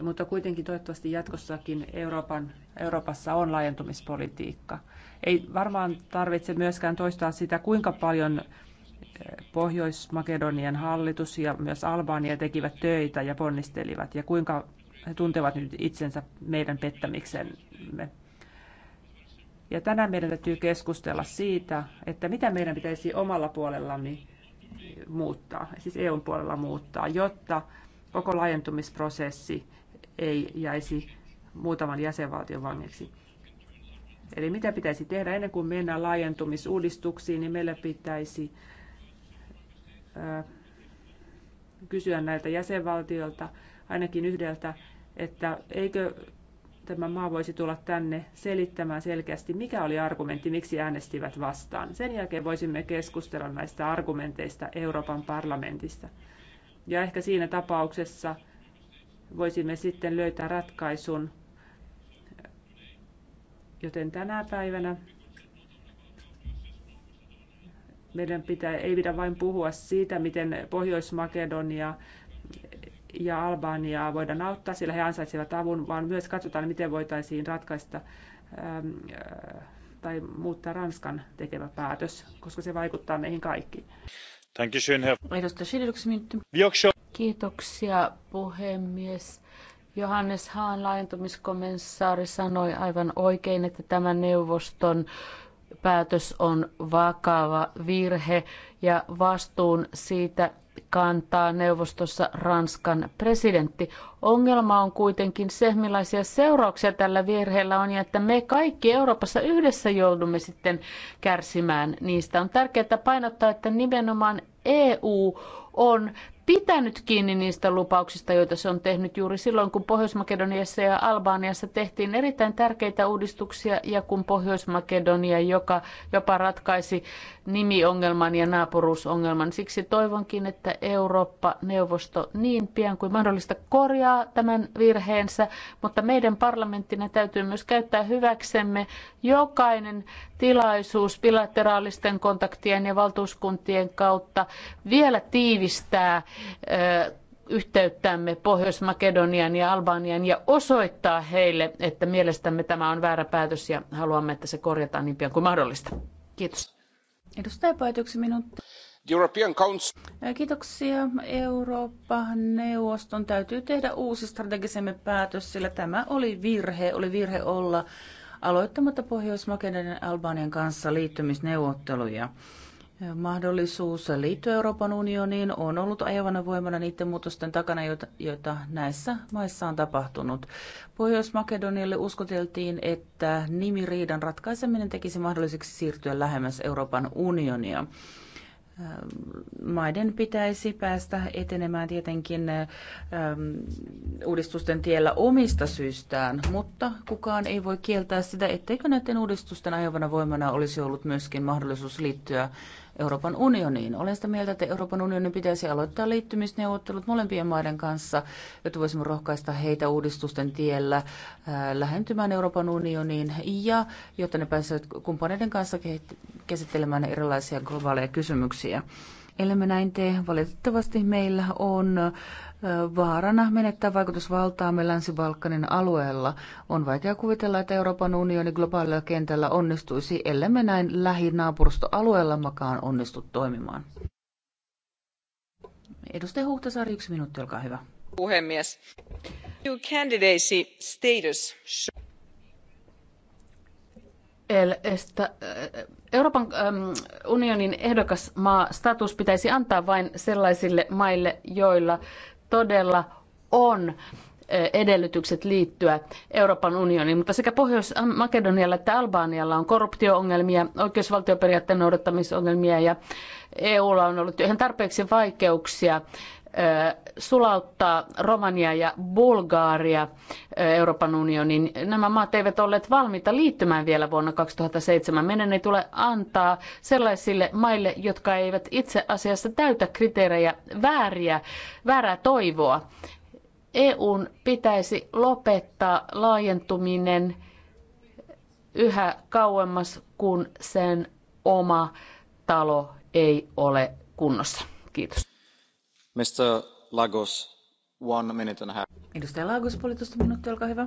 mutta kuitenkin toivottavasti jatkossakin Euroopan, Euroopassa on laajentumispolitiikka. Ei varmaan tarvitse myöskään toistaa sitä, kuinka paljon eh, Pohjois-Makedonian hallitus ja myös Albania tekivät töitä ja ponnistelivat ja kuinka he tuntevat nyt itsensä meidän pettämiksemme. Ja tänään meidän täytyy keskustella siitä, että mitä meidän pitäisi omalla puolellamme muuttaa, siis EUn puolella muuttaa, jotta koko laajentumisprosessi ei jäisi muutaman jäsenvaltion vangiksi. Eli mitä pitäisi tehdä ennen kuin mennään laajentumisuudistuksiin, niin meillä pitäisi kysyä näiltä jäsenvaltioilta, ainakin yhdeltä, että eikö tämä maa voisi tulla tänne selittämään selkeästi, mikä oli argumentti, miksi äänestivät vastaan. Sen jälkeen voisimme keskustella näistä argumenteista Euroopan parlamentista. Ja ehkä siinä tapauksessa voisimme sitten löytää ratkaisun. Joten tänä päivänä meidän pitää, ei pidä vain puhua siitä, miten Pohjois-Makedonia ja Albaniaa voidaan auttaa, sillä he ansaitsevat avun, vaan myös katsotaan, miten voitaisiin ratkaista ähm, äh, tai muuttaa Ranskan tekemä päätös, koska se vaikuttaa meihin kaikkiin. Kiitoksia puhemies. Johannes Haan laajentumiskomissaari sanoi aivan oikein, että tämän neuvoston päätös on vakava virhe ja vastuun siitä kantaa neuvostossa Ranskan presidentti. Ongelma on kuitenkin se, millaisia seurauksia tällä virheellä on ja että me kaikki Euroopassa yhdessä joudumme sitten kärsimään niistä. On tärkeää painottaa, että nimenomaan EU on pitänyt kiinni niistä lupauksista, joita se on tehnyt juuri silloin, kun Pohjois-Makedoniassa ja Albaaniassa tehtiin erittäin tärkeitä uudistuksia ja kun Pohjois-Makedonia joka jopa ratkaisi nimiongelman ja naapuruusongelman. Siksi toivonkin, että Eurooppa-neuvosto niin pian kuin mahdollista korjaa tämän virheensä, mutta meidän parlamenttina täytyy myös käyttää hyväksemme jokainen tilaisuus bilateraalisten kontaktien ja valtuuskuntien kautta vielä tiivistää yhteyttämme Pohjois-Makedonian ja Albanian ja osoittaa heille, että mielestämme tämä on väärä päätös ja haluamme, että se korjataan niin pian kuin mahdollista. Kiitos. Edustaja Paitoksi minuutti. European Council. Kiitoksia. Eurooppa-neuvoston täytyy tehdä uusi strategisemme päätös, sillä tämä oli virhe. Oli virhe olla aloittamatta Pohjois-Makedonian Albanian kanssa liittymisneuvotteluja mahdollisuus liittyä Euroopan unioniin on ollut ajavana voimana niiden muutosten takana, joita, joita näissä maissa on tapahtunut. Pohjois-Makedonialle uskoteltiin, että nimiriidan ratkaiseminen tekisi mahdolliseksi siirtyä lähemmäs Euroopan unionia. Maiden pitäisi päästä etenemään tietenkin äm, uudistusten tiellä omista syistään, mutta kukaan ei voi kieltää sitä, etteikö näiden uudistusten ajavana voimana olisi ollut myöskin mahdollisuus liittyä Euroopan unioniin. Olen sitä mieltä, että Euroopan unionin pitäisi aloittaa liittymisneuvottelut molempien maiden kanssa, jotta voisimme rohkaista heitä uudistusten tiellä lähentymään Euroopan unioniin ja jotta ne pääsevät kumppaneiden kanssa käsittelemään erilaisia globaaleja kysymyksiä. Elämme näin tee, valitettavasti meillä on vaarana menettää vaikutusvaltaamme Länsi-Balkanin alueella. On vaikea kuvitella, että Euroopan unioni globaalilla kentällä onnistuisi, me näin makaan onnistu toimimaan. Edustaja Huhtasaari, yksi minuutti, olkaa hyvä. Puhemies. New candidacy status. El, esta, Euroopan um, unionin ehdokasmaa status pitäisi antaa vain sellaisille maille, joilla todella on edellytykset liittyä Euroopan unioniin, mutta sekä Pohjois-Makedonialla että Albanialla on korruptioongelmia, oikeusvaltioperiaatteen noudattamisongelmia ja EUlla on ollut ihan tarpeeksi vaikeuksia sulauttaa Romania ja Bulgaaria Euroopan unionin. Nämä maat eivät olleet valmiita liittymään vielä vuonna 2007. Meidän ei tule antaa sellaisille maille, jotka eivät itse asiassa täytä kriteerejä vääriä, väärää toivoa. EUn pitäisi lopettaa laajentuminen yhä kauemmas, kun sen oma talo ei ole kunnossa. Kiitos. Mr. Lagos, One minute and a half. Edustaja Lagos, puolitoista minuuttia, olkaa hyvä.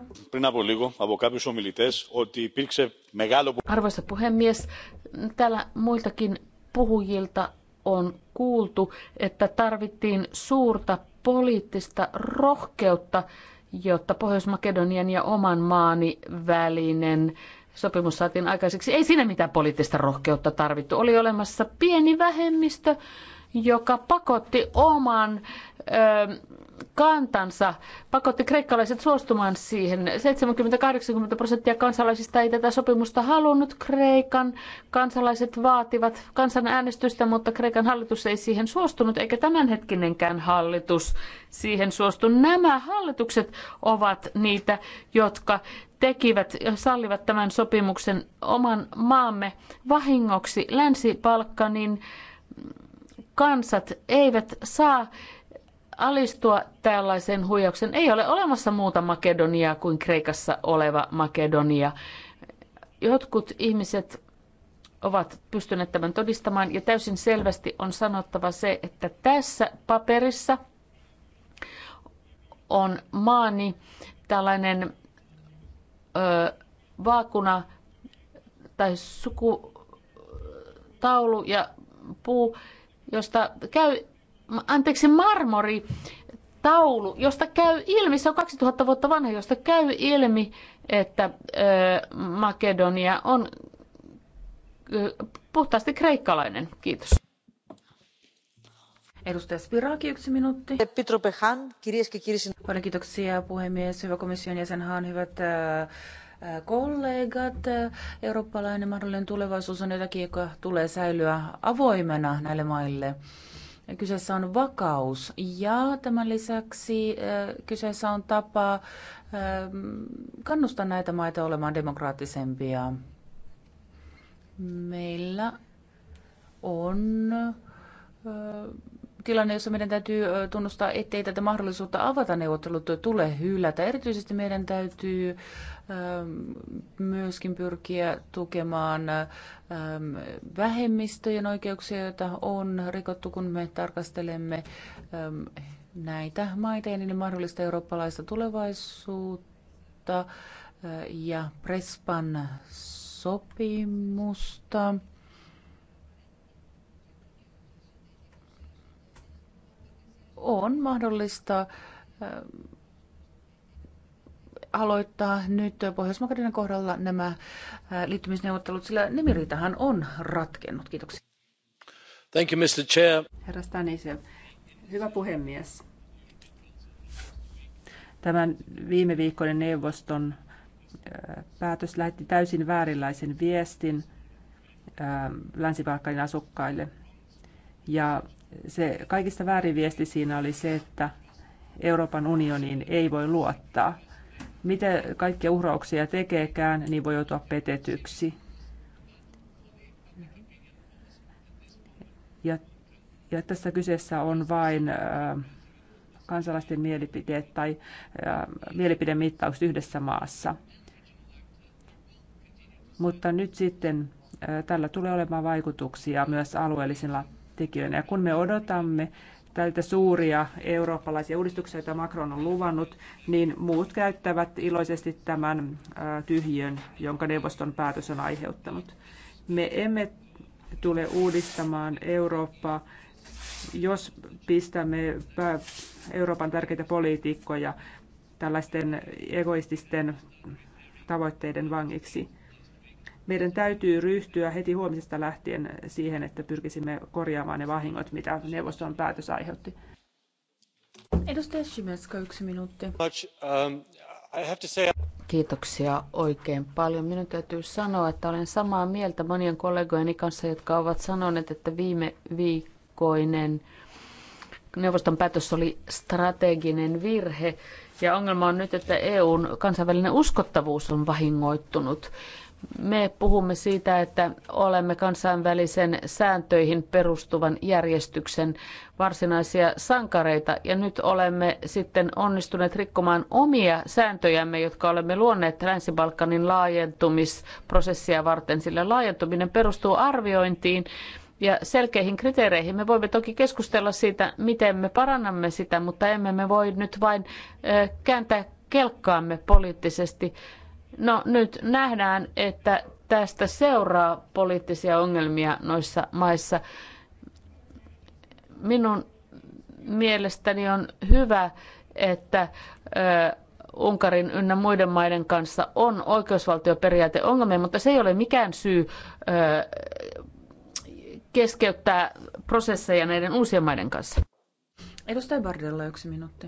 Arvoisa puhemies, täällä muiltakin puhujilta on kuultu, että tarvittiin suurta poliittista rohkeutta, jotta Pohjois-Makedonian ja oman maani välinen sopimus saatiin aikaiseksi. Ei siinä mitään poliittista rohkeutta tarvittu. Oli olemassa pieni vähemmistö, joka pakotti oman ö, kantansa, pakotti kreikkalaiset suostumaan siihen. 70-80 prosenttia kansalaisista ei tätä sopimusta halunnut. Kreikan kansalaiset vaativat kansanäänestystä, mutta Kreikan hallitus ei siihen suostunut, eikä tämänhetkinenkään hallitus siihen suostu. Nämä hallitukset ovat niitä, jotka tekivät ja sallivat tämän sopimuksen oman maamme vahingoksi. Länsi-Balkanin kansat eivät saa alistua tällaisen huijauksen. Ei ole olemassa muuta Makedoniaa kuin Kreikassa oleva Makedonia. Jotkut ihmiset ovat pystyneet tämän todistamaan ja täysin selvästi on sanottava se, että tässä paperissa on maani tällainen ö, vaakuna tai sukutaulu ja puu, josta käy, anteeksi, marmori taulu, josta käy ilmi, se on 2000 vuotta vanha, josta käy ilmi, että ö, Makedonia on ö, puhtaasti kreikkalainen. Kiitos. Edustaja Spiraki, yksi minuutti. Petro Pehan, kirjeski kirjeski. Paljon kiitoksia puhemies, hyvä komission jäsen Hahn, hyvät äh, kollegat. Eurooppalainen mahdollinen tulevaisuus on jotakin, joka tulee säilyä avoimena näille maille. Kyseessä on vakaus ja tämän lisäksi äh, kyseessä on tapa äh, kannustaa näitä maita olemaan demokraattisempia. Meillä on äh, tilanne, jossa meidän täytyy tunnustaa, ettei tätä mahdollisuutta avata neuvottelut tule hylätä. Erityisesti meidän täytyy myöskin pyrkiä tukemaan vähemmistöjen oikeuksia, joita on rikottu, kun me tarkastelemme näitä maita ja niiden mahdollista eurooppalaista tulevaisuutta ja Prespan sopimusta. on mahdollista aloittaa nyt pohjois kohdalla nämä liittymisneuvottelut, sillä nimiriitahan on ratkennut. Kiitoksia. Thank you, Mr. Chair. Herra Stanise, hyvä puhemies. Tämän viime viikkoinen neuvoston päätös lähetti täysin väärinlaisen viestin länsi asukkaille. Ja se kaikista väärin viesti siinä oli se, että Euroopan unioniin ei voi luottaa. Mitä kaikkia uhrauksia tekeekään, niin voi joutua petetyksi. Ja, ja tässä kyseessä on vain äh, kansalaisten mielipiteet tai äh, mielipidemittaukset yhdessä maassa. Mutta nyt sitten äh, tällä tulee olemaan vaikutuksia myös alueellisilla tekijöinä. Ja kun me odotamme tältä suuria eurooppalaisia uudistuksia, joita Macron on luvannut, niin muut käyttävät iloisesti tämän tyhjön, jonka neuvoston päätös on aiheuttanut. Me emme tule uudistamaan Eurooppaa, jos pistämme Euroopan tärkeitä poliitikkoja tällaisten egoististen tavoitteiden vangiksi meidän täytyy ryhtyä heti huomisesta lähtien siihen, että pyrkisimme korjaamaan ne vahingot, mitä neuvoston päätös aiheutti. Edustaja Shimeska, yksi minuutti. Um, Kiitoksia oikein paljon. Minun täytyy sanoa, että olen samaa mieltä monien kollegojeni kanssa, jotka ovat sanoneet, että viime viikkoinen neuvoston päätös oli strateginen virhe. Ja ongelma on nyt, että EUn kansainvälinen uskottavuus on vahingoittunut. Me puhumme siitä, että olemme kansainvälisen sääntöihin perustuvan järjestyksen varsinaisia sankareita ja nyt olemme sitten onnistuneet rikkomaan omia sääntöjämme, jotka olemme luonneet Länsi-Balkanin laajentumisprosessia varten, sillä laajentuminen perustuu arviointiin ja selkeihin kriteereihin. Me voimme toki keskustella siitä, miten me parannamme sitä, mutta emme me voi nyt vain kääntää kelkkaamme poliittisesti No nyt nähdään, että tästä seuraa poliittisia ongelmia noissa maissa. Minun mielestäni on hyvä, että Unkarin ynnä muiden maiden kanssa on oikeusvaltioperiaate ongelmia, mutta se ei ole mikään syy keskeyttää prosesseja näiden uusien maiden kanssa. Edustaja Bardella yksi minuutti.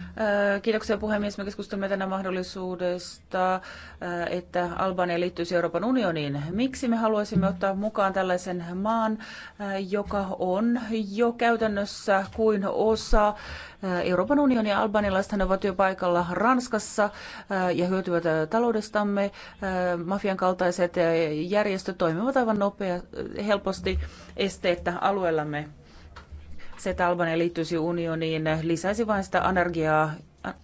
Äh, kiitoksia puhemies. Me keskustelemme tänään mahdollisuudesta, äh, että Albania liittyisi Euroopan unioniin. Miksi me haluaisimme ottaa mukaan tällaisen maan, äh, joka on jo käytännössä kuin osa Euroopan unionia? Albanilaiset ovat jo paikalla Ranskassa ja hyötyvät taloudestamme. Mafian kaltaiset järjestöt toimivat aivan nopea, helposti esteettä alueellamme se, että Albania liittyisi unioniin, lisäisi vain sitä energiaa,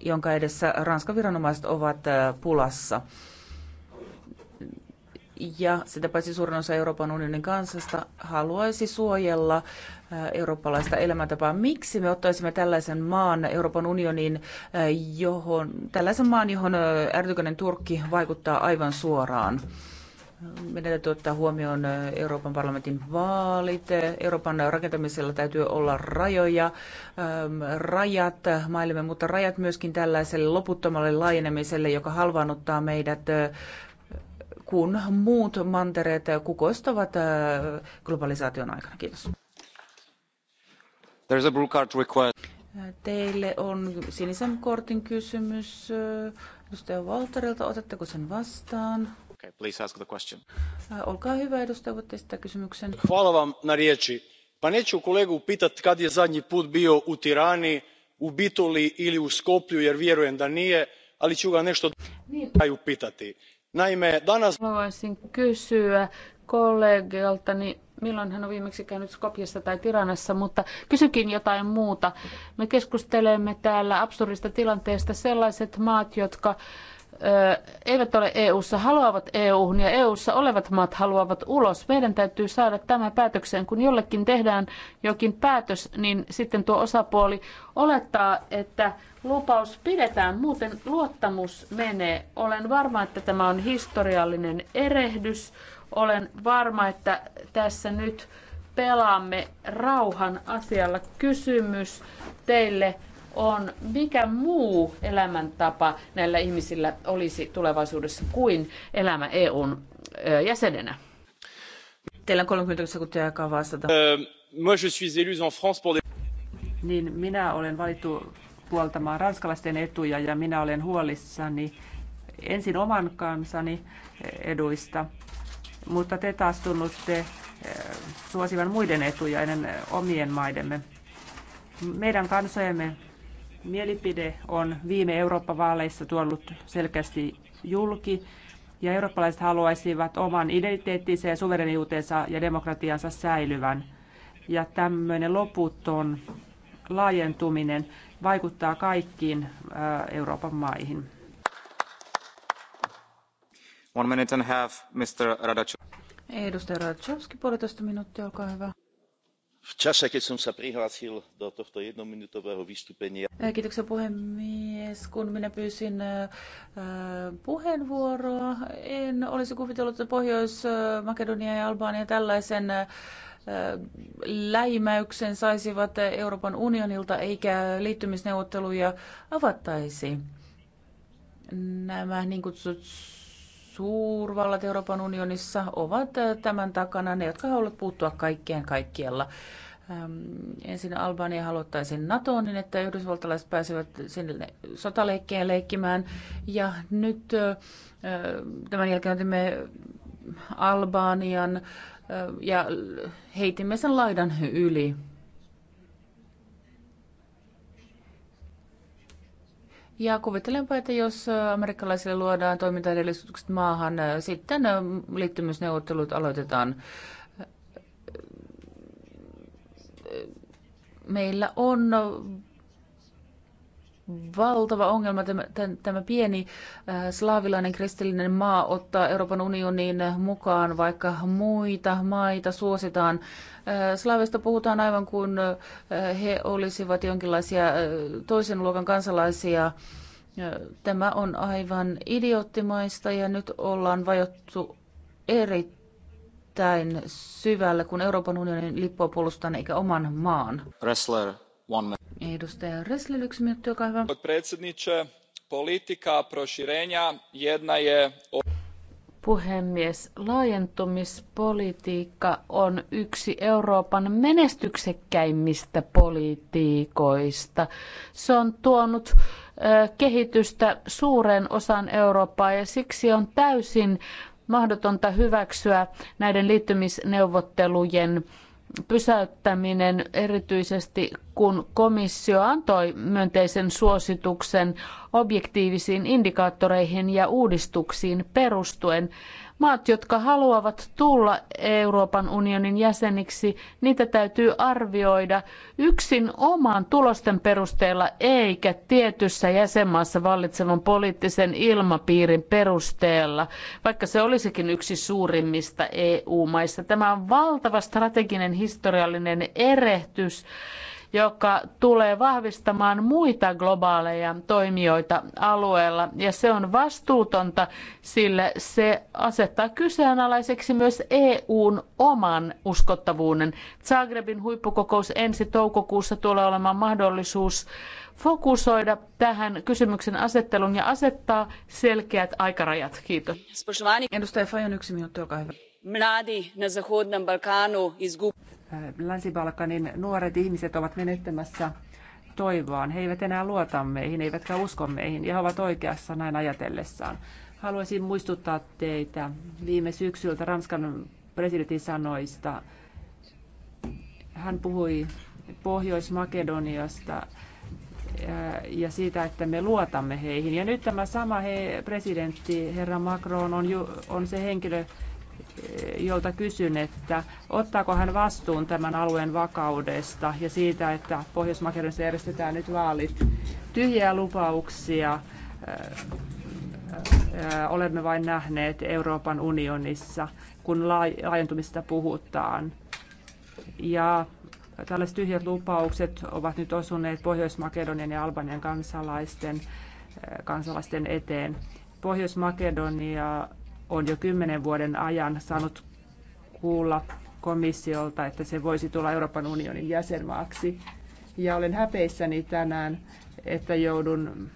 jonka edessä Ranskan viranomaiset ovat äh, pulassa. Ja sitä paitsi suurin osa Euroopan unionin kansasta haluaisi suojella äh, eurooppalaista elämäntapaa. Miksi me ottaisimme tällaisen maan Euroopan unionin, äh, johon, tällaisen maan, johon Erdoganin Turkki vaikuttaa aivan suoraan? Meidän täytyy ottaa huomioon Euroopan parlamentin vaalit. Euroopan rakentamisella täytyy olla rajoja, rajat maillemme, mutta rajat myöskin tällaiselle loputtomalle laajenemiselle, joka halvaannuttaa meidät kun muut mantereet kukoistavat globalisaation aikana. Kiitos. is a blue card request. Teille on sinisen kortin kysymys edustaja Walterilta. Otatteko sen vastaan? Okay, please ask the question. Olkaa hyvä, edustaja, voitte esittää kysymyksen. Hvala vam na riječi. Pa neću kolegu pitat kad je zadnji put bio u Tirani, u Bitoli ili u Skoplju, jer vjerujem da nije, ali ću ga nešto niin. pitati. Naime, danas... Haluaisin kysyä kollegaltani, milloin hän on viimeksi käynyt Skopjassa tai Tiranassa, mutta kysykin jotain muuta. Me keskustelemme täällä absurdista tilanteesta sellaiset maat, jotka eivät ole EU-ssa, haluavat EU-hun ja EU-ssa olevat maat haluavat ulos. Meidän täytyy saada tämä päätökseen. Kun jollekin tehdään jokin päätös, niin sitten tuo osapuoli olettaa, että lupaus pidetään, muuten luottamus menee. Olen varma, että tämä on historiallinen erehdys. Olen varma, että tässä nyt pelaamme rauhan asialla. Kysymys teille on, mikä muu elämäntapa näillä ihmisillä olisi tulevaisuudessa kuin elämä EUn jäsenenä? Teillä on 30 sekuntia aikaa vastata. moi je suis élu en France pour Niin minä olen valittu puoltamaan ranskalaisten etuja ja minä olen huolissani ensin oman kansani eduista, mutta te taas tunnutte suosivan muiden etuja ennen omien maidemme. Meidän kansojemme mielipide on viime Eurooppa-vaaleissa tuonut selkeästi julki, ja eurooppalaiset haluaisivat oman identiteettinsä ja suvereniutensa ja demokratiansa säilyvän. Ja tämmöinen loputon laajentuminen vaikuttaa kaikkiin äh, Euroopan maihin. One minute and a half, Mr. Radachowski. Edustaja Radachowski, puolitoista minuuttia, olkaa hyvä. E, kiitoksia puhemies. Kun minä pyysin e, puheenvuoroa, en olisi kuvitellut, että Pohjois-Makedonia ja Albania tällaisen e, läimäyksen saisivat Euroopan unionilta, eikä liittymisneuvotteluja avattaisi. Nämä niin kutsutut suurvallat Euroopan unionissa ovat tämän takana, ne jotka haluavat puuttua kaikkeen kaikkialla. Ensin Albania haluttaisiin NATOon niin, että yhdysvaltalaiset pääsevät sinne sotaleikkeen leikkimään. Ja nyt tämän jälkeen otimme Albanian ja heitimme sen laidan yli. Ja kuvittelenpa, että jos äh, amerikkalaisille luodaan toimintaedellytykset maahan, äh, sitten äh, liittymisneuvottelut aloitetaan. Meillä on valtava ongelma. Tämä, tämä pieni äh, slaavilainen kristillinen maa ottaa Euroopan unionin mukaan, vaikka muita maita suositaan. Äh, Slaavista puhutaan aivan kuin äh, he olisivat jonkinlaisia toisen luokan kansalaisia. Tämä on aivan idioottimaista ja nyt ollaan vajottu erittäin syvälle, kun Euroopan unionin lippua puolustan eikä oman maan. Wrestler, one minute arvoisa Puhemies, laajentumispolitiikka on yksi Euroopan menestyksekkäimmistä politiikoista. Se on tuonut kehitystä suureen osaan Eurooppaa ja siksi on täysin mahdotonta hyväksyä näiden liittymisneuvottelujen pysäyttäminen, erityisesti kun komissio antoi myönteisen suosituksen objektiivisiin indikaattoreihin ja uudistuksiin perustuen. Maat, jotka haluavat tulla Euroopan unionin jäseniksi, niitä täytyy arvioida yksin oman tulosten perusteella eikä tietyssä jäsenmaassa vallitsevan poliittisen ilmapiirin perusteella, vaikka se olisikin yksi suurimmista EU-maista. Tämä on valtava strateginen historiallinen erehtys joka tulee vahvistamaan muita globaaleja toimijoita alueella. Ja se on vastuutonta, sillä se asettaa kyseenalaiseksi myös EUn oman uskottavuuden. Zagrebin huippukokous ensi toukokuussa tulee olemaan mahdollisuus fokusoida tähän kysymyksen asettelun ja asettaa selkeät aikarajat. Kiitos. Edustaja Fajon, yksi minuutti, olkaa hyvä. Mladi na Zahodnom Balkanu izgub... Länsi-Balkanin nuoret ihmiset ovat menettämässä toivoaan. He eivät enää luota meihin, eivätkä usko meihin, ja he ovat oikeassa näin ajatellessaan. Haluaisin muistuttaa teitä viime syksyltä Ranskan presidentin sanoista. Hän puhui Pohjois-Makedoniasta äh, ja siitä, että me luotamme heihin. Ja nyt tämä sama he, presidentti, herra Macron, on, ju, on se henkilö, jolta kysyn, että ottaako hän vastuun tämän alueen vakaudesta ja siitä, että Pohjois-Makedonissa järjestetään nyt vaalit. Tyhjiä lupauksia äh, äh, olemme vain nähneet Euroopan unionissa, kun laajentumista puhutaan. Ja tällaiset tyhjät lupaukset ovat nyt osuneet Pohjois-Makedonian ja Albanian kansalaisten, äh, kansalaisten eteen. Pohjois-Makedonia on jo kymmenen vuoden ajan saanut kuulla komissiolta, että se voisi tulla Euroopan unionin jäsenmaaksi. Ja olen häpeissäni tänään, että joudun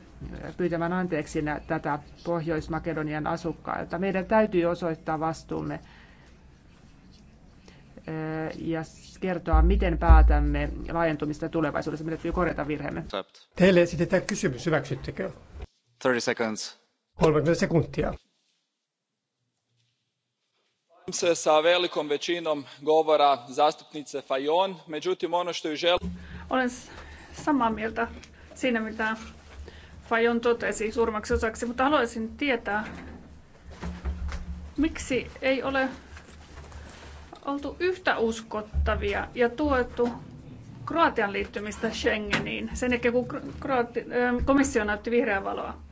pyytämään anteeksi tätä Pohjois-Makedonian asukkailta. Meidän täytyy osoittaa vastuumme eh, ja kertoa, miten päätämme laajentumista tulevaisuudessa. Meidän täytyy korjata virheemme. Teille esitetään kysymys, hyväksyttekö? 30 seconds. 30 sekuntia slažem se s velikom većinom govora zastupnice fajon međutim ono što želim. olen samaa mieltä siinä mitä fajon totesi suurimmaksi osaksi mutta haluaisin tietää miksi ei ole oltu yhtä uskottavia ja tuettu Kroatian liittymistä Schengeniin sen jälkeen kun komissio näytti vihreää valoa.